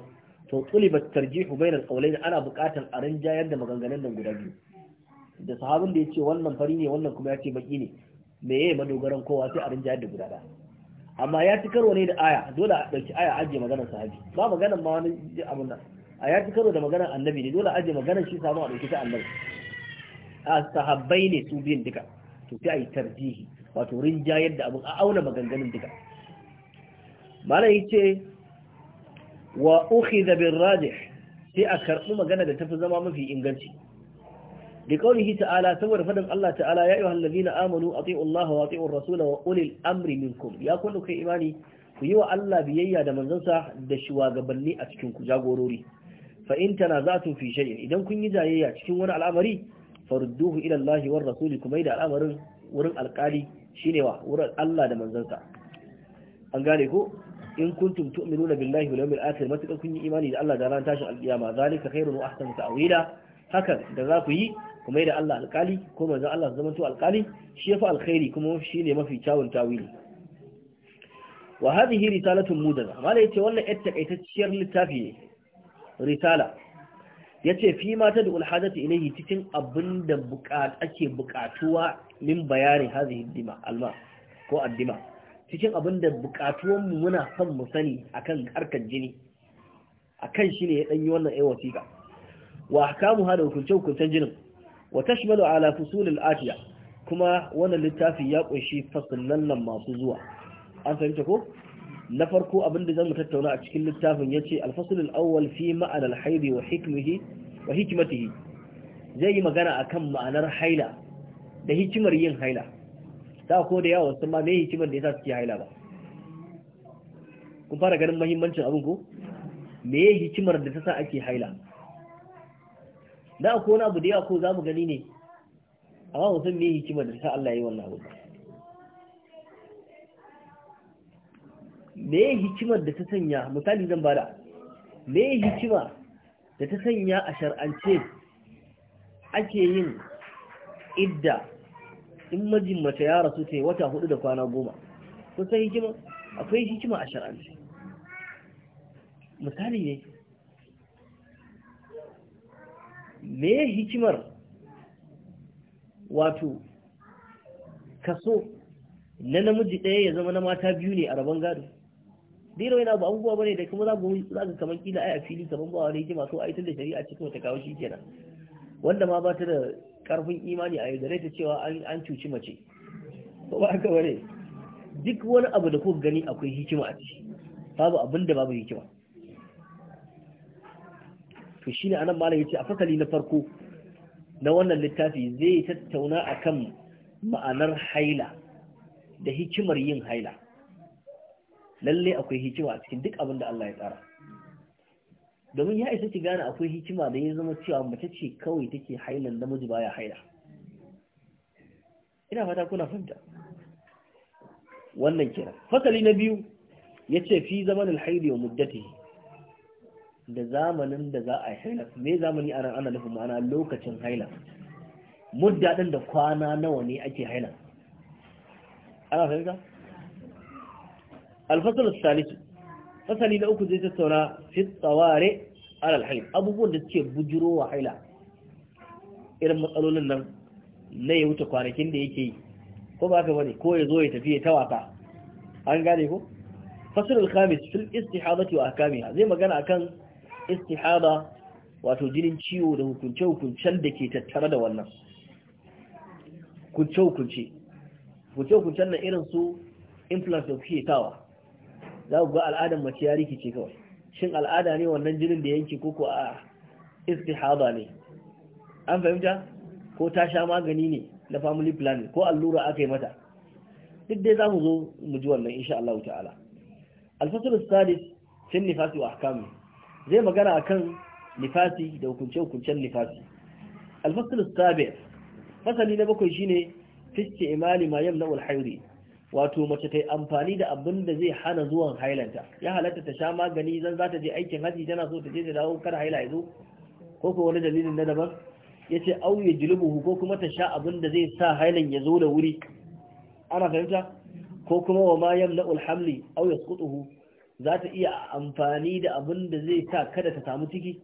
to tulibat tarjihu bayna alqawlayn ana buƙatar a rinjayar da maganganun nan guda biyu da sahabin da yace wannan fari ne wannan kuma yace baki ne yi madogaran kowa sai a rinjayar da guda ɗaya amma ya ci karo ne da aya dole a ɗauki aya ajiye maganar sahabi ba maganar ma wani abin nan a ya ci karo da maganar annabi ne dole ajiye maganar shi samu a ɗauki ta annabi a sahabbai ne su biyun duka to sai a yi tarjihi wato rinjayar da abun a auna maganganun duka yi ce wa uhi zabin rajih sai a karɓi magana da tafi zama mafi inganci da kaunihi ta'ala saboda faɗan Allah ta'ala ya yi wa hallazina amanu a tsi'un Allah wa tsi'un rasula wa ulil amri minkum ya kun kai imani ku yi wa Allah biyayya da manzansa da shugabanni a cikin ku jagorori fa in tanaza'tum fi shay'in idan kun yi jayayya cikin wani al'amari farudduhu ila Allah war rasuli kuma da al'amarin wurin alƙali shine wa wurin Allah da manzansa an gane ko in kun kuntum tu'minuna billahi wal yawmil akhir matakan kun yi imani da Allah da ran tashin alƙiyama zalika khairun wa ahsanu ta'wila hakan da za ku yi kuma yadda Allah alkali ko manzon Allah su zamanto alkali shi yafi alkhairi kuma shi ne mafi kyawun tawili wa hadhihi risalatun muda da. yace wannan yar takaitacciyar littafi ne risala yace fi ma ta dul hadati ilayhi cikin abinda buƙat ake buƙatuwa min bayani hadhihi dima alma ko addima cikin abinda buƙatuwan mu muna son mu sani akan harkar jini akan shi ne ya danyi wannan ayi wasiƙa wa ahkamu hada hukunce hukuncen jinin wa tashmalu ala fusulil atiya kuma wannan littafi ya kunshi fasallan nan masu zuwa an fahimta ko na farko abin da zamu tattauna a cikin littafin yace al-fasl al-awwal fi ma'ana al-hayd wa hikmihi wa hikmatihi zai yi magana akan ma'anar haila da hikimar yin haila ta ko da yawa sun ma me hikimar da yasa suke haila ba kun fara ganin muhimmancin abin ko me hikimar da ta sa ake haila da ko wani abu da yawa ko za mu gani ne amma mu san me hikimar da ta Allah yi wannan abu me hikimar da ta sanya misali zan bada me hikima da ta sanya a shar'ance ake yin idda in majin mace ya rasu ta wata hudu da kwana goma kun san hikima akwai hikima a shar'ance misali ne me hikimar wato kaso na namiji ɗaya ya zama na mata biyu ne a rabon gado dira wani abu abubuwa bane da kuma za ka kamar kila ai a fili kamar ba wani hikima so aitar da shari'a cikin wata kawo shi kenan wanda ma ba ta da karfin imani a yadda ta cewa an cuci mace ko ba haka bane duk wani abu da ku gani akwai hikima a ciki babu abin babu hikima to shi ne anan malam ce a fasali na farko na wannan littafi zai tattauna akan ma'anar haila da hikimar yin haila lalle akwai hikima a cikin duk abin da Allah ya tsara domin ya isa ki gane akwai hikima da ya zama cewa mace ce kawai take hailan namiji baya haila ina fata kuna fahimta wannan kenan fasali na biyu yace fi zamanin haili wa muddatihi da zamanin da za a yi haila me zamani ana ana nufin ma'ana lokacin haila mudda din da kwana nawa ne ake haila ana fahimta alfasal salisu fasali na uku zai tattauna fi tsaware alal haila abubuwan da suke bujiro wa haila irin matsalolin nan na ya wuce kwanakin da yake yi ko ba ka bane ko ya zo ya tafi ya tawaka an gane ko sun khamis fil istihadati wa ahkamiha zai magana akan istihada wato jinin ciwo da hukunce-hukuncen da ke tattare da wannan kunce-hukunce hukunce-hukuncen na irin su implant da kuke kawa za ku ga al'adar mace ya rikice kawai shin al'ada ne wannan jinin da yanki koko a istihada ne an fahimta ko ta sha magani ne na family planning ko allura aka yi mata duk dai za mu zo mu ji wannan insha Allah ta'ala al-fasl as-sadis fi nifasi wa zai magana akan nifasi da hukunce-hukuncen nifasi alfasul sabi fasali na bakwai shine fiske imali ma na wal wato mace ta yi amfani da abin da zai hana zuwan hailanta ya halatta ta sha magani zan za ta je aikin haji tana so ta je ta dawo kar haila ya ko ko wani dalilin na daban ya ce auye julubuhu ko kuma ta sha abin da zai sa hailan ya zo da wuri ana fahimta ko kuma wa ma na ul hamli au za ta iya amfani da abin da zai sa kada ta samu ciki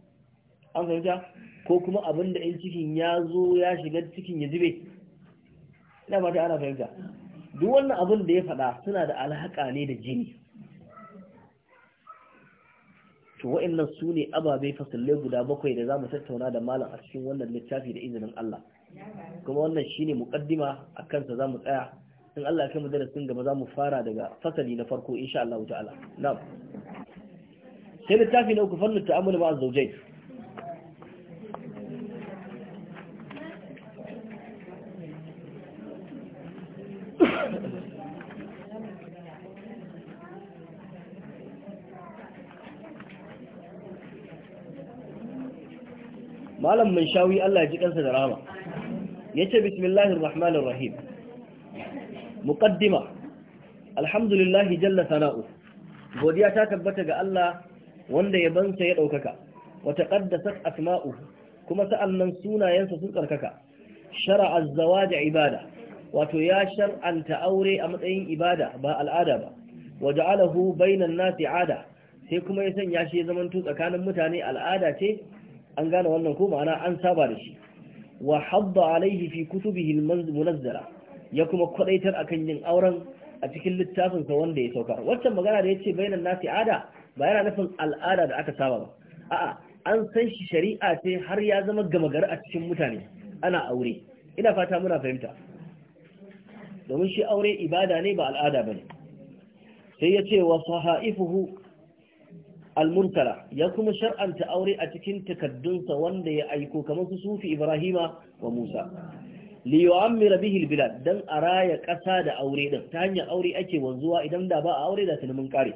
an fahimta ko kuma abin da in cikin ya zo ya shiga cikin ya zube ina ta ana fahimta duk wannan abin da ya faɗa suna da alhaƙa ne da jini to wa'annan su ne ababe fasallai guda bakwai da za mu tattauna da malam a cikin wannan littafi da izinin Allah kuma wannan shine mukaddima a kansa za mu tsaya in Allah ya kai mu darasin gaba za mu fara daga fasali na farko insha Allah ta'ala na'am sai littafi na uku fannin ta'amul ma'a zaujai malam mun shawi Allah ya ji kansa da rahama yace bismillahir rahmanir rahim muqaddima alhamdulillahi jalla sana'u godiya ta tabbata ga Allah wanda ya bansa ya daukaka wa taqaddasat asma'u kuma sa'annan sunayensa sun tsarkaka shar'a az-zawaj ibada wato ya shar'anta aure a matsayin ibada ba al'ada ba wa ja'alahu bainan nasi ada sai kuma ya sanya shi zamanto tsakanin mutane al'ada ce an gane wannan ko ma'ana an saba da shi wa hadda alaihi fi kutubihi al munazzara ya kuma kwadaitar akan yin auren a cikin littafinsa wanda ya sauka. waccan magana da ya ce nasi ada ba yana nufin al'ada da aka saba ba a'a an san shi shari'a ce har ya zama gama gari a cikin mutane ana aure ina fata muna fahimta domin shi aure ibada ne ba al'ada bane sai yace ce wa sahaifuhu al-murtala ya kuma shar'anta aure a cikin takaddunsa wanda ya aiko kamar su sufi ibrahima wa musa liyu'ammira bihi albilad dan araya ƙasa da aure din ta hanyar aure ake wanzuwa idan da ba aure da tunumin kare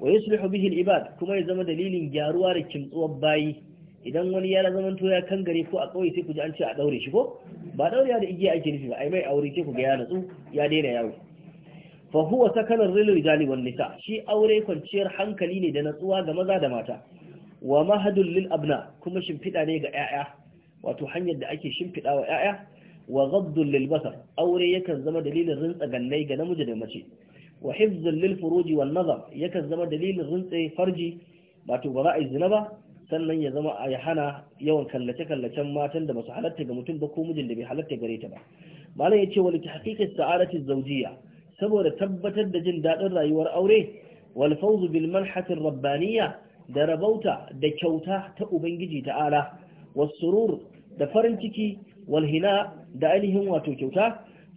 wa yuslihu bihi alibad kuma ya zama dalilin gyaruwa da kimtsuwar bayi idan wani ya zama to ya kangare ko a kauye sai ku ji an ce a daure shi ko ba daurewa da igiya ake nufi ba ai mai aure ke ku ga ya natsu ya daina yawo fa huwa sakanar rilu rijali wal nisa shi aure kwanciyar hankali ne da natsuwa ga maza da mata wa mahadul lil abna kuma shimfida ne ga 'ya'ya wato hanyar da ake shimfida wa 'ya'ya wa ghaddun lil basar aure yakan zama dalilin rintsa gannai ga namiji da mace wa hifzun lil furuji wal nazar yakan zama dalilin rintsa farji wato ba za a yi zina ba sannan ya zama ya hana yawan kallace-kallacen matan da basu halatta ga mutum ba ko mijin da bai halatta gare ta ba malam ya ce wani ta hakikin sa'adatin saboda tabbatar da jin daɗin rayuwar aure wal fawzu bil manhatin rabbaniya da rabauta da kyauta ta ubangiji ta'ala wa surur da farin ciki walhina da ainihin wato kyauta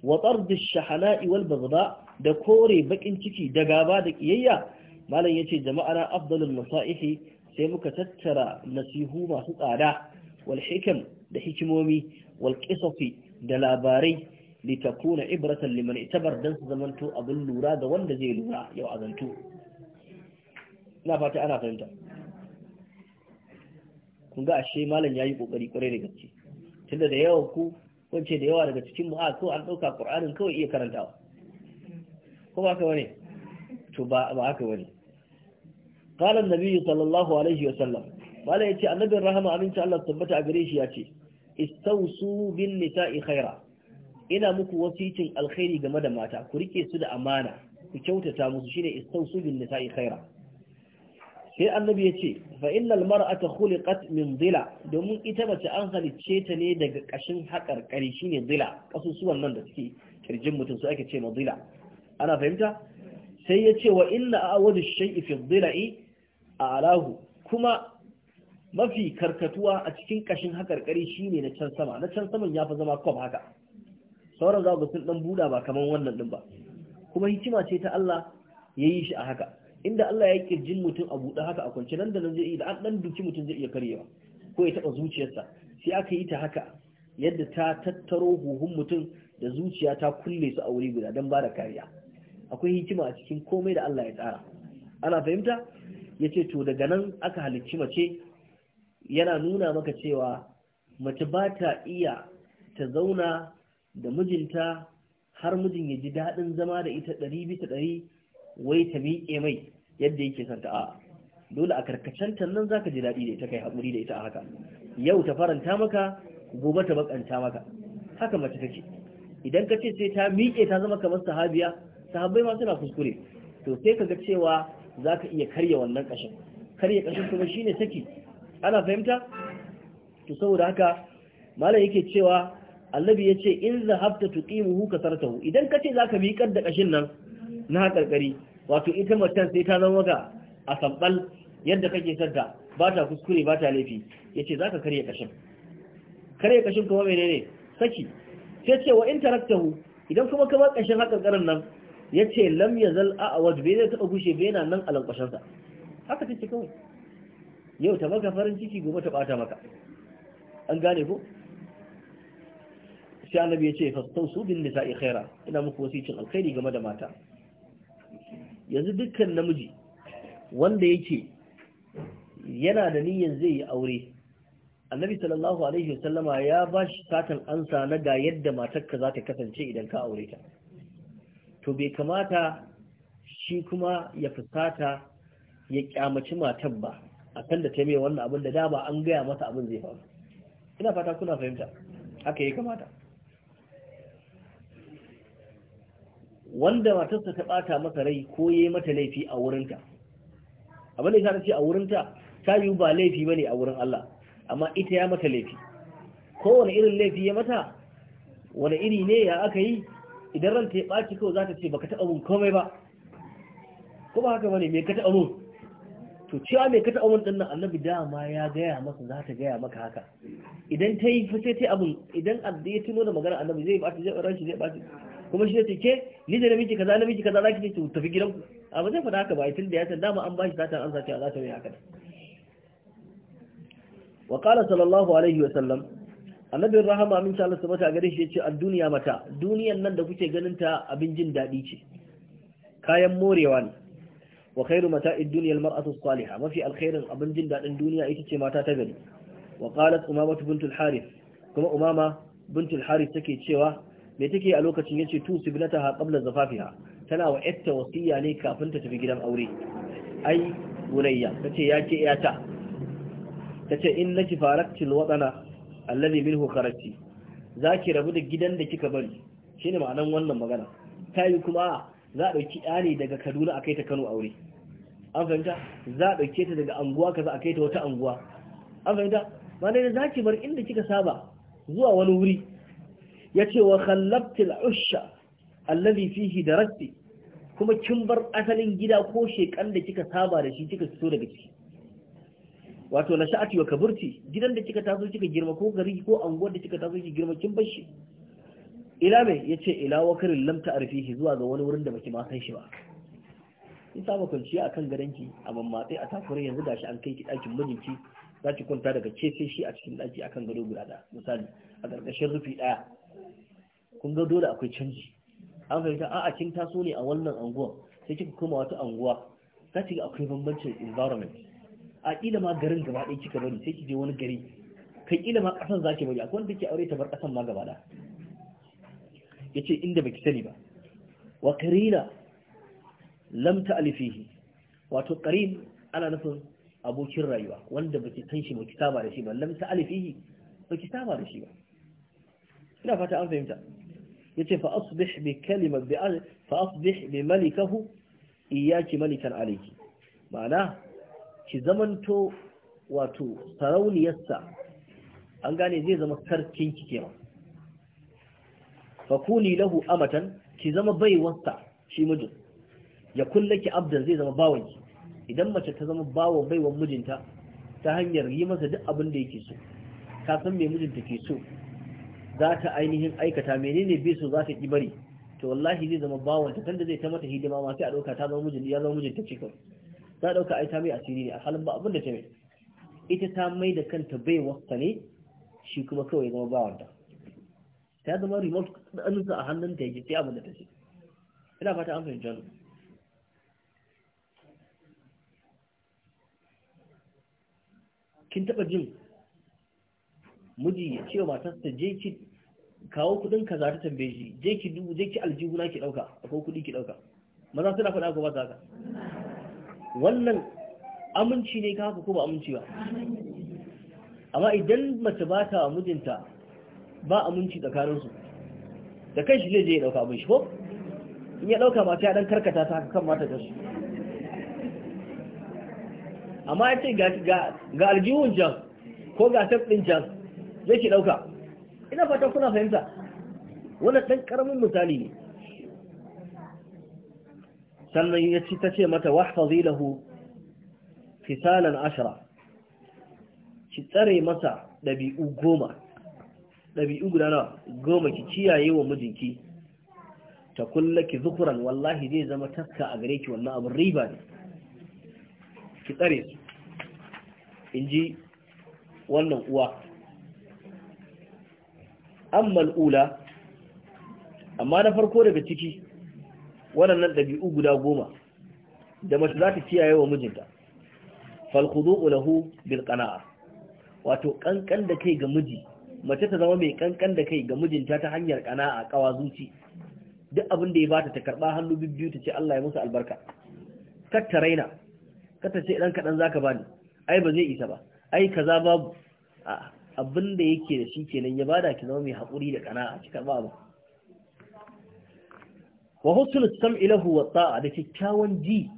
wa tsardi shahana'i wal bagda da kore bakin ciki da gaba da kiyayya malam yace jama'a na afdalul nasaihi sai muka tattara nasihu masu tsada wal hikam da hikimomi wal da labarai takuna ibratan liman itabar dan su zamanto abin lura da wanda zai lura yau azantu ina fata ana fahimta kun ga ashe malam yayi kokari kwarai da gaske tunda da yawan ku wance da yawa daga cikin mu'a ko an ɗauka ƙur'anin kawai iya karantawa ko ba ka wani to ba haka wani ƙalar nabi sallallahu alaihi wa sallam bala ya ce annabin rahama aminci allah tabbata a gare shi ya ce istausu bin nisa'i khaira ina muku wasicin alkhairi game da mata ku rike su da amana ku kyautata musu shine istausu bin nisa'i khaira sai annabi ya ce fa innal ata khuliqat min dila domin ita mace an halicce ta ne daga kashin haƙar ƙari shine dila Ƙasusuwan nan da suke kirjin mutum su ake ce ma dila ana fahimta sai ya ce wa inna awwadu shay'i fi a alahu kuma mafi karkatuwa a cikin ƙashin haƙar haƙarƙari shine na can sama na can saman ya fi zama kwam haka sauran za sun ɗan buɗa ba kamar wannan ɗin ba kuma hikima ce ta Allah ya yi shi a haka inda Allah ya kirjin mutum a buɗe haka a kwance nan da nan zai iya an duki mutum zai iya karyewa ko ya taɓa zuciyarsa sai aka yi ta haka yadda ta tattaro huhun mutum da zuciya ta kulle su a wuri guda don ba da kariya akwai hikima a cikin komai da Allah ya tsara ana fahimta ya ce to daga nan aka halicci mace yana nuna maka cewa mace ba ta iya ta zauna da mijinta har mijin ya ji daɗin zama da ita ɗari bisa ɗari wai ta miƙe mai yadda yake son ta dole a karkacanta nan zaka ji daɗi da ita kai haƙuri da ita a haka yau ta faranta maka gobe ta bakanta maka haka mace take idan ka ce sai ta miƙe ta zama kamar sahabiya sahabbai ma suna kuskure to sai ka ga cewa zaka iya karya wannan ƙashin karya ƙashin kuma shine saki ana fahimta to saboda haka malam yake cewa annabi ce in zahabta tuqimuhu kasartahu idan ka ce zaka miƙar da ƙashin nan na karkari wato ita mutum sai ta zama ga a sabbal yadda kake santa ba ta kuskure ba ta laifi ya ce za ka karya kashin karye kashin kuma mai ne saki sai ce wa in taraktahu idan kuma kama kashin haƙarƙarin nan ya ce lam ya zal a awad bai zai taɓa gushe bai na nan a haka ta ce kawai yau ta maka farin ciki gobe ta ɓata maka an gane ko sai annabi ya ce su bin nisa'i khaira ina muku cin alkhairi game da mata yanzu dukkan namiji wanda yake yana da niyyar zai yi aure annabi sallallahu alaihi wasallama ya bashi shi ansa na ga yadda matarka za ta kasance idan ka aure ta to bai kamata shi kuma ya fusata ya kyamaci matar ba a kan da ta mai wannan abin da dama an gaya masa abin zai faru ina fata kuna fahimta haka ya kamata wanda matarsa ta bata masa rai ko yayi mata laifi a wurinta abin da ta ce a wurinta ta yi ba laifi bane a wurin Allah amma ita ya mata laifi kowane irin laifi ya mata wani iri ne ya aka yi idan ranta ya ɓaci kawai za ta ce baka taɓa mun komai ba ko ba haka bane me ka taɓa mun to cewa me ka taɓa mun dinnan annabi dama ya gaya masa za ta gaya maka haka idan ta yi fa sai ta abun idan ya tuno da magana annabi zai ɓaci zai ɓaci zai ɓaci kuma shi ce ke ni da namiji kaza namiji kaza zaki ce tafi gidan ku a ba zai faɗa haka ba ai tunda ya san dama an bashi zata an sace za ta yi haka wa qala sallallahu alaihi wa sallam annabin rahama min sha Allah subhanahu gare shi yace ad-duniya mata duniyan nan da kuke ganin ta abin jin dadi ce kayan morewa ne wa khairu mata'id dunya al-mar'atu as-salihah mafi alkhairin abin jin dadin duniya ita ce mata ta gari wa qalat umama bint al-harith kuma umama bint al-harith take cewa me take a lokacin yace tu sibilataha qabla zafafiha tana wa yatta wasiya ne kafin ta tafi gidan aure ai gurayya tace ya ce yata tace in laki farakti wadana alladhi minhu kharajti zaki rabu da gidan da kika bari shine ma'anan wannan magana tayi kuma za a dauki yani daga Kaduna akai ta Kano aure an fahimta za a dauke ta daga anguwa kaza akai ta wata anguwa an fahimta ma dai zaki bar inda kika saba zuwa wani wuri yace wa khallabtil usha allazi fihi darakti kuma kin bar asalin gida ko shekan da kika saba da shi kika fito daga ciki wato na sha'ati wa kaburti gidan da kika taso kika girma ko gari ko anguwar da kika taso kika girma kin bar shi ila mai yace ila wakarin lam ta'rifihi zuwa ga wani wurin da baki ma san shi ba in saba kwanciya akan ki a mammatsai a takure yanzu gashi an kai ki dakin mijinki za ki kwanta daga cece shi a cikin daki akan gado guda da misali a karkashin rufi ɗaya kun ga dole akwai canji an fahimta a a kin taso ne a wannan anguwan sai kika koma wata anguwa za ki ga akwai bambancin environment a kila ma garin gaba ɗaya kika bari sai ki je wani gari kai kila ma ƙasan za ki bari akwai wanda ke aure ta bar ƙasan ma gaba ɗaya ya ce inda baki sani ba wa karina lam alifihi wato karin ana nufin abokin rayuwa wanda baki san shi baki saba da shi ba lam ta'alifihi baki saba da shi ba ina fata an fahimta yace fa asbih bi kalimat bi fa asbih bi malikahu malikan alayki ma'ana ki zamanto wato sarauniyarsa an gane zai zama sarkin ki kenan fa kuni lahu amatan ki zama baiwarsa shi mijin ya kullaki abdan zai zama bawanki idan mace ta zama bawon baiwar mijinta ta hanyar yi masa duk abin da yake so ka san me mijinta ke so za ta ainihin aikata menene bisu za ta ki bari to wallahi zai zama bawon ta tunda zai ta mata hidima ma sai a dauka ta zama mijin ya zama mijin ta cikin za dauka ai ta mai asiri ne a halin ba abin da ta mai ita ta mai da kanta bai wasta ne shi kuma kawai ya zama bawon ta ta zama remote sa a hannun ta yake sai abin da ta ce ina fata an fahimta ne kin taba jin miji ya ce matarsa je ki kawo kudin ka za ta tambaye shi je ki dubu je ki aljihuna ki dauka akwai kudi ki dauka maza suna faɗa ko ba haka wannan aminci ne ka haka ko ba aminci ba amma idan mace ba ta mijinta ba aminci tsakaninsu da kai shi zai je ya dauka abin shi ko in ya dauka ba ta dan karkata ta kan mata ta shi amma ya ce ga aljihun jan ko ga tafɗin jan zai ki ɗauka ina fatan kuna fahimta wannan ɗan karamin misali ne sannan ya ci ta ce mata wahfazi zilahu fisalan ashara ki tsare masa ɗabi'u goma ɗabi'u guda nawa goma ki kiyaye wa mijinki ta kulla ki zukuran wallahi zai zama taska a gare ki wannan abin riba ne ki tsare su in ji wannan uwa amma al'ula amma na farko daga ciki waɗannan ɗabi'u guda goma da mace za ta kiyaye wa mijinta falkudu ulahu bil wato ƙanƙan da kai ga miji mace ta zama mai ƙanƙan da kai ga mijinta ta hanyar ƙana'a ƙawa zuci duk abin da ya bata ta karba hannu biyu ta ce Allah ya musu albarka Katta raina raina ce ta kaɗan dan ka zaka bani ai ba zai isa ba ai kaza babu abin da yake da shi kenan ya bada ki zama mai haƙuri da ƙana'a ki karɓa ba wa husnul sam'i lahu wa ta'a da kyakkyawan ji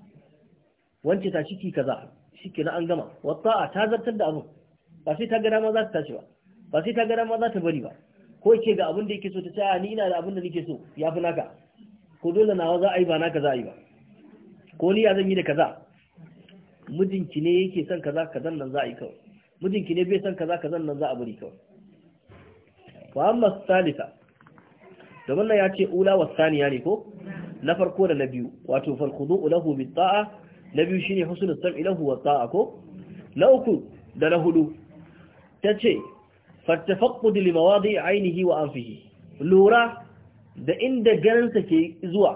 wance ta shi kaza ke na an gama wa ta'a ta zartar da abin ba sai ta ga dama za ta tashi ba ba sai ta ga dama za ta bari ba ko yake ga abin da yake so ta ce ni ina da abin da nake so ya fi naka ko dole nawa za a yi ba naka za a yi ba ko ni ya zan yi da kaza mijinki ne yake son kaza kazan nan za a yi kawai mijinki ne bai san kaza kaza nan za a bari kawai wa amma salisa Domin wannan ya ce ula wa saniya ne ko na farko da na biyu wato farkudu lahu bi ta'a na biyu shine husnul sam'i lahu wa ta'a ko na uku da na hudu tace fattafaqqud li mawadi'i ainihi wa anfihi lura da inda ganinsa ke zuwa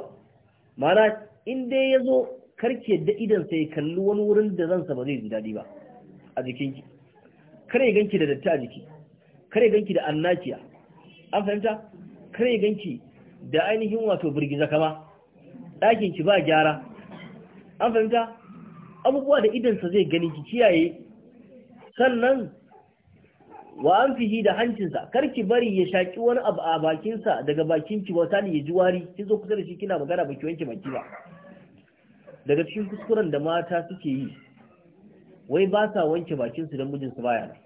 mana inda ya zo karke da idansa ya kalli wani wurin da zansa ba zai ji dadi ba a jikinki kare ganki da datti a jiki kare ganki da annakiya an fahimta kare ganki da ainihin wato birgiza kama ɗakin ki ba gyara an fahimta abubuwa da idansa zai gani ki kiyaye sannan wa an fihi da hancinsa kar ki bari ya shaki wani abu a bakinsa daga bakinki wata ne ya ji wari kin zo kusa da shi kina magana ba ki wanke baki ba daga cikin kuskuren da mata suke yi wai ba sa wanke bakinsu don mijinsu baya nan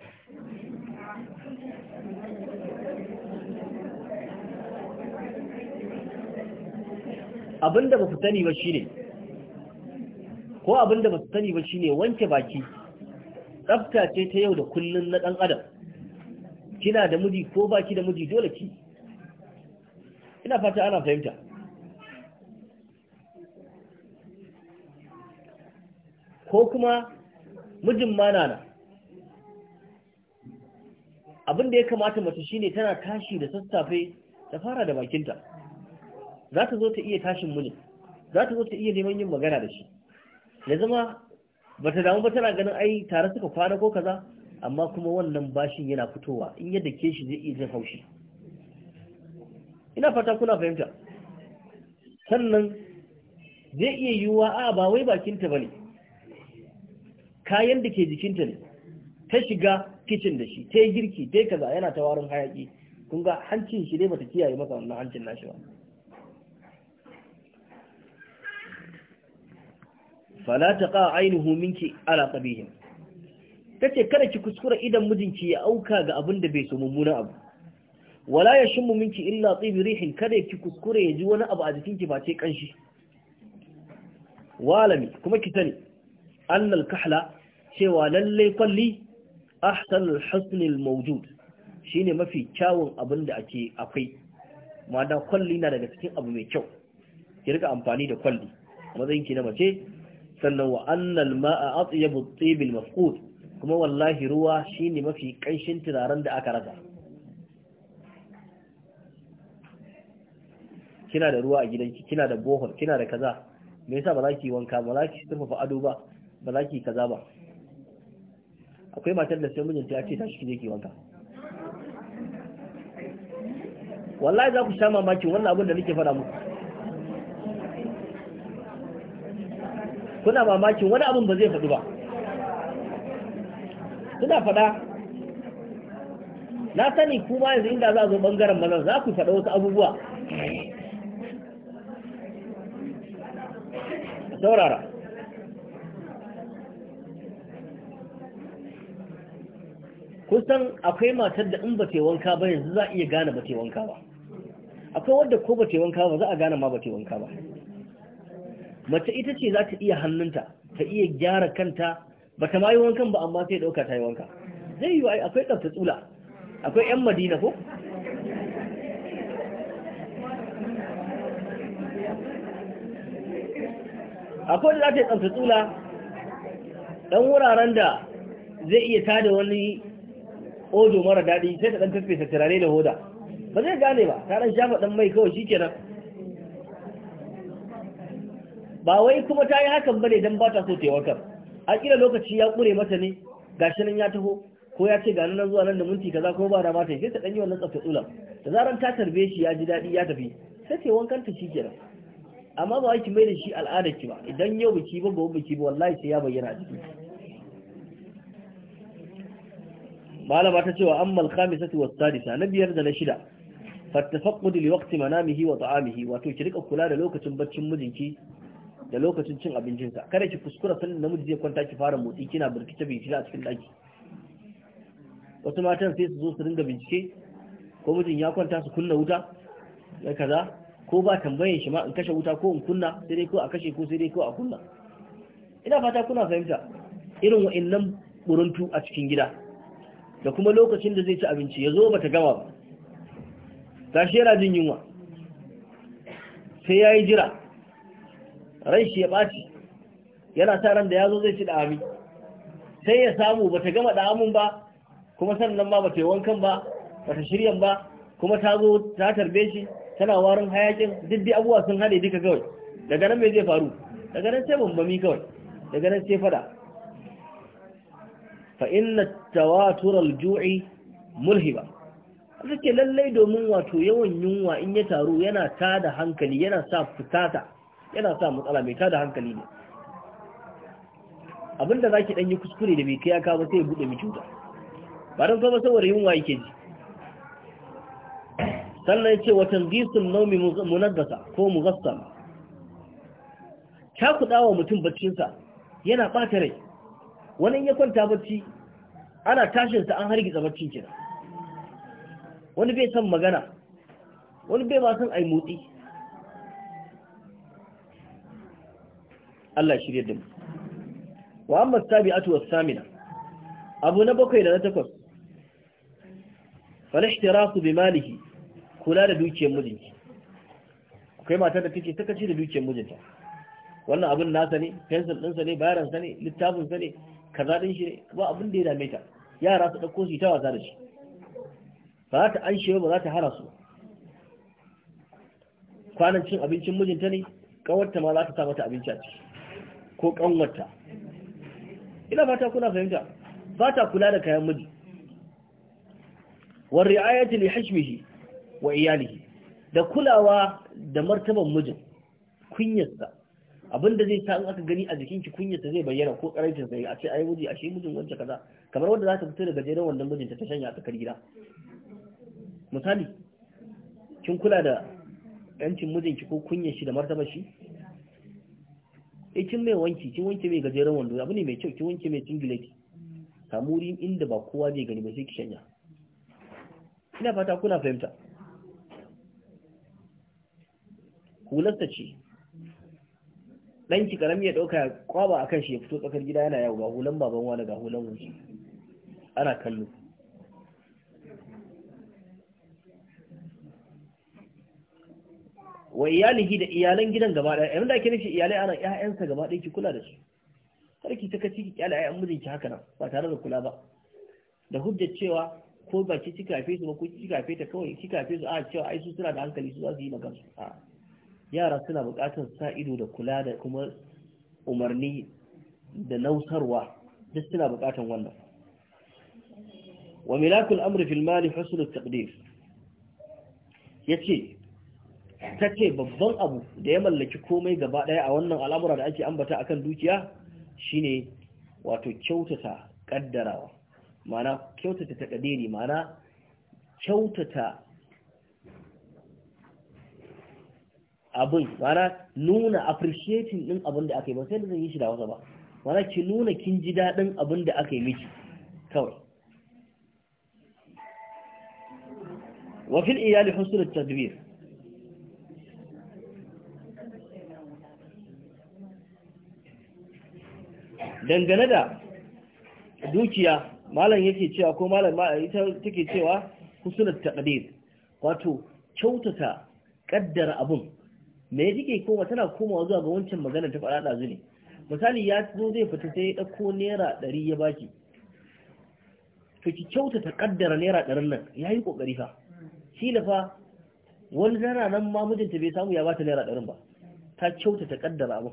abinda ba su sani ba shine ko abinda ba su sani ba shine wanke baki tsafta ce ta yau da kullun na dan adam kina da miji ko baki da miji dole ki ina fata ana fahimta ko kuma mijin ma na abin da ya kamata mace shine tana tashi da sassafe ta fara da bakinta za ta zo ta iya tashin mijin za ta zo ta iya neman yin magana da shi ya zama ba ta damu ba tana ganin ai tare suka kwana ko kaza amma kuma wannan bashin yana fitowa in yadda ke shi zai iya jin haushi ina fata kuna fahimta sannan zai iya yiwuwa a ba wai bakinta ba ne kayan da ke jikinta ne ta shiga kicin da shi ta yi girki ta yi kaza yana ta warin hayaki kun ga hancin shi dai bata kiyaye masa wannan hancin nashi ba fala taqa ainihu minki ala qabihim tace kada ki kuskura idan mijinki ya auka ga abin da bai so mummunan abu wala yashmu minki illa tib rihin kada ki kuskure ya ji wani abu a jikinki ba ce kanshi walami kuma ki sani annal kahla cewa lallai kwalli ahsanul maujud shi ne mafi kyawun abin da ake akwai ma da kwalli na daga cikin abu mai kyau ki rika amfani da kwalli matsayin ki na mace sannan wa annal ma'a butse bil mafkud kuma wallahi ruwa shi ne mafi kanshin turaren da aka rasa kina da ruwa a gidanki kina da bohol kina da kaza me yasa ba za ki wanka ba za ki ado ba ba za ki kaza ba akwai matar da sai mijinta ya ce ta shi ke wanka wallahi za ku sha mamaki wannan abin da nake faɗa muku
kuna mamakin wani
abin ba zai faɗu ba
Kuna faɗa na sani
kuma yanzu inda za a zo ɓangaren mazan za ku faɗa wasu abubuwa saurara kusan akwai matar da in ba ta wanka ba yanzu za a iya gane ba ta wanka ba akwai wadda ko ba ta wanka ba za a gane ma ba ta wanka ba mace ita ce za ta iya hannunta ta iya gyara kanta ba ta ma yi wankan ba amma sai ɗauka ta yi wanka zai yi akwai tsafta tsula akwai 'yan madina ko akwai da za ta yi tsafta tsula ɗan wuraren da zai iya tada wani ojo mara daɗi sai ta ɗan fafesa turare da hoda ba zai gane ba ta ɗan shafa ɗan mai kawai shi kenan ba wai kuma ta yi hakan ba ne don ba ta so taimakon a ƙira lokaci ya ƙure mata ne gashi nan ya taho ko ya ce gani nan zuwa nan da minti kaza ko ba da mata sai ta danyi wannan tsaftar tsulan da zarar ta tarbe shi ya ji daɗi ya tafi sai ta wankan ta shi kenan. amma ba wai ki mai da shi al'adar ki ba idan yau biki ba gobe biki ba wallahi sai ya bayyana a jiki malama ta cewa ammal wa was sadisa na biyar da na shida fattafaqud li waqti manamihi wa ta'amihi wato ki rika kula da lokacin baccin mijinki da lokacin cin abincinsa kada ki kuskura sanin miji zai kwanta ki fara motsi kina birkice bincike a cikin daki wasu matan sai su zo su dinga bincike ko mijin ya kwanta su kunna wuta da kaza ko ba tambayen shi ma in kashe wuta ko in kunna sai dai ko a kashe ko sai dai ko a kunna ina fata kuna fahimta irin wa'annan buruntu a cikin gida da kuma lokacin da zai ci abinci ya zo ba ta gama ba shi yana jin yunwa sai ya yi jira rai shi ya ɓaci yana sa ran da ya zo zai ci ɗami sai ya samu ba ta gama ɗamin ba kuma sannan ma ba ta yi wankan ba ba ta shiryan ba kuma ta zo ta tarbe shi tana warin hayakin diddi abuwa sun hade duka kawai daga nan mai zai faru daga nan sai bambami kawai daga nan sai fada فإن التواتر الجوع ملهبة suke lallai domin wato yawan yunwa in ya taru yana tada hankali yana sa fitata yana sa matsala mai tada hankali ne abinda zaki dan yi kuskure da bai kai aka ba sai ya bude miki cuta. ba dan kuma saboda yunwa yake ji sannan ce wa tanzisun nawmi munaddasa ko mughassal ta kudawa mutum baccin sa yana bata rai wani ya kwanta bacci ana tashin sa an hargitsa baccin kina wani bai son magana wani bai ma son ai motsi Allah shirya da mu wa amma tabi'atu was-samina abu na bakwai da na takwas falishtirasu bi malihi kula da dukiyar mijinki akwai matar da take sakaci da dukiyar mijinta wannan abin nasa ne fensil ɗinsa ne bayaransa ne littafinsa ne kaza din shi ba abin da ya dame ta yara su ɗauko shi ta wasa da shi ba za ta an ba za ta hana su kwanan cin abincin mijinta ne kawarta ma za ta sa mata abinci a ci ko kanwarta ina fata kuna fahimta ba kula da kayan miji wa ri'ayati li hashmihi wa iyalihi da kulawa da martaban mijin kunyarsa abin da zai sa in aka gani a jikin ki kunyata zai bayyana ko karancin sai a ce ai miji a shi mijin wancan kaza kamar wanda zaka ta fito daga jeren wannan mijinta ta shanya a tsakar misali kin kula da yancin mijinki ko kunyar shi da martabar shi ikin eh, kin mai wanki kin wanke mai gajeren wando abu ne mai kyau kin wanke mai singlet samu wurin inda ba kowa zai gani ba sai ki shanya ina fata kuna fahimta hulasta ce ɗanki karami ya ɗauka kwaba a kan shi ya fito tsakar gida yana yawo ga hulan baban wani ga hulan wuce ana kallo wa iyalihi da iyalan gidan gaba ɗaya yanzu da ake nufi iyalai ana ƴaƴansa gaba ɗaya ki kula da su kar ki taka ciki kyale ƴaƴan mijinki haka nan ba tare da kula ba da hujjar cewa ko ba ki cika fe su ba ko ki cika fe ta kawai kika fe su a cewa ai su suna da hankali su za su yi magana a'a yara suna bukatar sa ido da kula da kuma umarni da nausarwa duk suna buƙatar wannan wa milakul amri fil mali husul taqdir yace tace babban abu da ya mallaki komai gaba daya a wannan al'amura da ake ambata akan dukiya shine wato kyautata kaddarawa ma'ana kyautata takadiri ma'ana kyautata abin mana nuna appreciating din abin da aka yi ba sai da zan yi shi da wasa ba mana ki nuna kin ji daɗin abin da aka yi miki kawai wa fil iyali husnul tadbir dangane da dukiya malam yake cewa ko malam ita take cewa husnul tadbir wato kyautata kaddara abun me jike koma tana komawa zuwa ga wancan magana ta faɗa ɗazu ne misali ya zo zai fita sai ya ɗauko naira ɗari ya baki to ki kyauta ta ƙaddara naira ɗarin nan ya yi ƙoƙari fa shi da fa wani zana nan ma mijinta bai samu ya bata naira ɗarin ba ta kyauta ta ƙaddara abin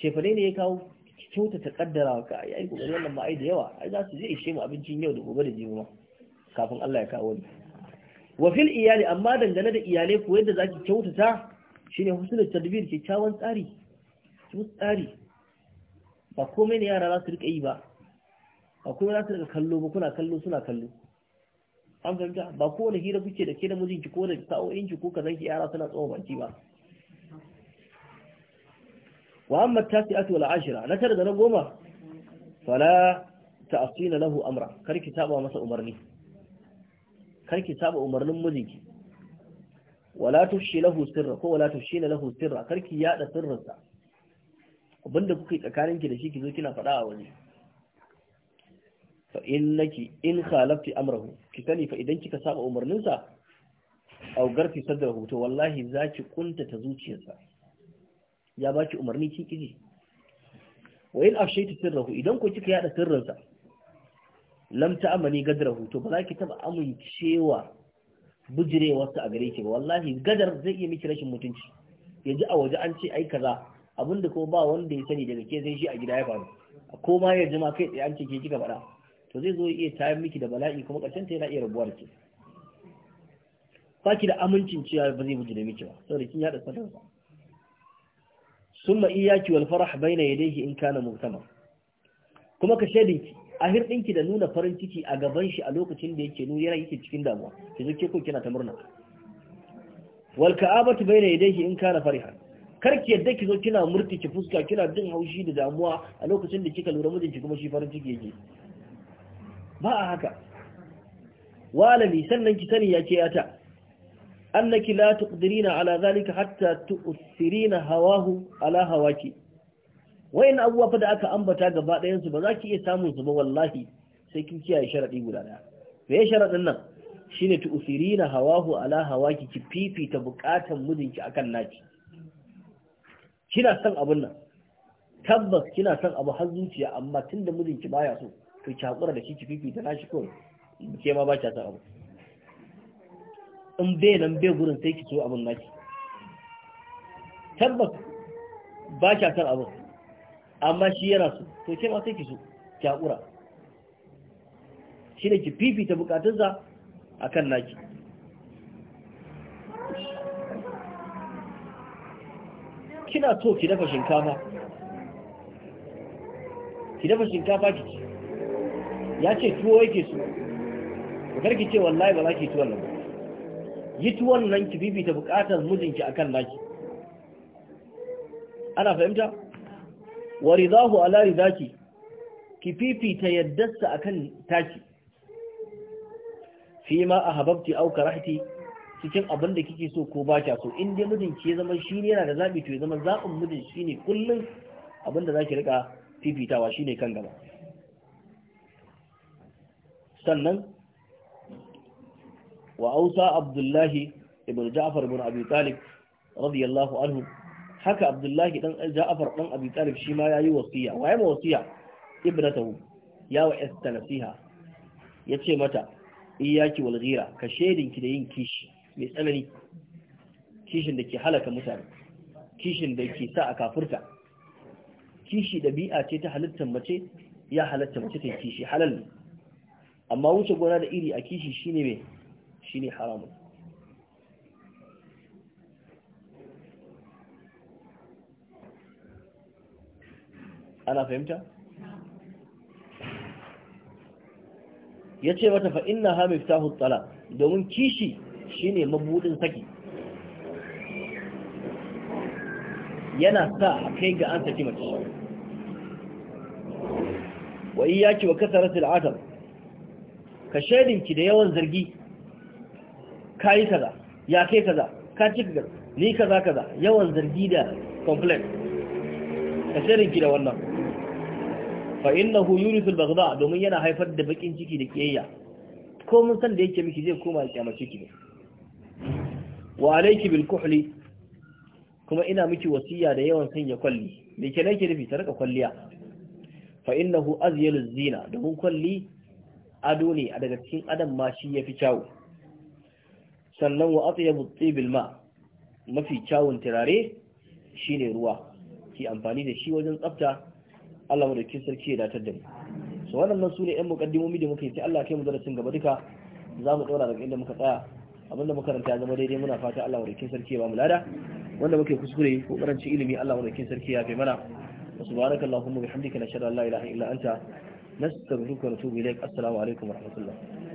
shefane ne ya kawo ki kyauta ta ƙaddara ka ya yi ƙoƙari wannan ma ai da yawa ai za su zai ishe mu abincin yau da gobe da jibi ma kafin Allah ya kawo ni wa fil iyali amma dangane da iyalai ko yadda zaki kyautata shine husnul tadbir kyakkyawan tsari tsari ba komai ne yara za su rika yi ba ba komai za su rika kallo ba kuna kallo suna kallo an fahimta ba kowane hira kuke da ke da mijinki ko da sa'o'inki ko kazan ki yara suna tsawon baki ba wa amma tasi'atu wal ashira na tara da na goma fala ta'sina lahu amra kar ki taba masa umarni kar ki saba umarnin mijinki wala tushi lahu sirra ko wala tushi lahu sirra kar ki yada sirrinsa abinda kuke tsakanin ki da shi ki zo kina faɗa a waje fa innaki in khalafti amrahu ki sani fa idan kika saba umarninsa aw garfi sadrahu to wallahi zaki kunta ta zuciyarsa ya baki umarni ki kiji wa in afshaytu sirrahu idan ku kika yada sirrinsa lam amani gadar hoto ba za ki taba amincewa ta a gare ki ba wallahi gadar zai iya miki rashin mutunci yanzu a waje an ce ai kaza abinda ko ba wanda ya sani daga ke zai shi a gida ya faru ko ma ya jima kai tsaye an ce ke kika faɗa to zai zo iya tayar miki da bala'i kuma ƙarshen ta yana iya rabuwa da ke ba ki da amincin cewa ba zai bujire miki ba saboda kin yada sanar ba summa iyaki wal farah baina yadayhi in kana mu'tamar kuma ka ki. a hirɗinki da nuna farin ciki a gaban shi a lokacin da yake nuna yana yake cikin damuwa ki zo ke ko kina ta murna wal ka'abatu bayna yadayhi in kana fariha kar ki yadda ki zo kina murti ki fuska kina jin haushi da damuwa a lokacin da kika lura mijinki kuma shi farin ciki yake ba a haka walami sannan ki sani ya ce yata annaki la tuqdirina ala zalika hatta tu'thirina hawahu ala hawaki wayan abubuwa fa da aka ambata gaba ɗayan su ba za ki iya samun su ba wallahi sai kin kiyaye sharadi guda daya me sharadin nan shine tu usirina hawahu ala hawaki ki fifita bukatan mijinki akan naki kina son abun nan tabbas kina son abu har zuciya amma tunda mijinki baya so to ki hakura da shi ki fifita nashi ko ke ma ba ki san abu in bai nan bai gurin sai ki so abun naki tabbas ba ki son abu amma shi yana so to ke ma sai ki so ki haƙura shi ne ki fifita bukatunsa a kan naki kina so ki dafa shinkafa ki dafa shinkafa ki
ci ya ce
tuwo yake so kar karki ce wallahi ba za ki tuwon nan yi tuwon nan ki fifita bukatar mijinki kan naki ana fahimta wa ridahu ala ridaki ki fifita yaddarsa akan taki fi ma ahabbti aw karahti cikin abin da kike so ko ba so in dai mijinki ya zama shi ne yana da zabi to ya zama zabin mijin shi ne kullum abin da zaki rika fifitawa shine kan gaba sannan wa ausa abdullahi ibn ja'far ibn abi talib radiyallahu anhu haka abdullahi dan ja'afar dan abi talib shi ma yayi wasiya waye ma wasiya ibnatahu ya wa esta nasiha yace mata iyaki wal ghira ka shedin da yin kishi mai tsanani kishin da ke halaka mutane kishin da ke sa a kafurta kishi dabi'a ce ta halittar mace ya halatta mace ta kishi halal amma wuce gona da iri a kishi shine me shine haramun ana fahimta ya ce mata fa na ha ta tsala domin kishi shi ne mabudin saki yana sa a kai ga an saki mace wa iyaki wa kasarat al'adam ka shaidinki da yawan zargi Ka yi kaza ya kai kaza ka ci kaza ni kaza kaza yawan zargi da complaint ka shirinki da wannan fa innahu yurithu al domin yana haifar da bakin ciki da kiyayya ko mun san da yake miki zai koma ya kyamace ki ne wa alayki bil kuhli kuma ina miki wasiya da yawan sanya kwalli me ke nake nufi ta rika kwalliya fa innahu azyalu zina domin kwalli ado ne a daga cikin adam ma shi yafi kyawu sannan wa atyabu tibil ma mafi kyawun turare shine ruwa ki amfani da shi wajen tsafta Allah mu da kin sarki ya datar da mu so waɗannan su ne ƴan muƙaddimomi da muka yi sai Allah kai mu darasin gaba duka za mu ɗora daga inda muka tsaya abinda muka karanta ya zama daidai muna fata Allah mu da kin sarki ya ba mu lada wanda muke kuskure ko karanci ilimi Allah mu da kin sarki ya fi mana subhanakallahumma bihamdika nashhadu an la ilaha illa anta nastaghfiruka wa natubu ilaik assalamu alaikum wa rahmatullah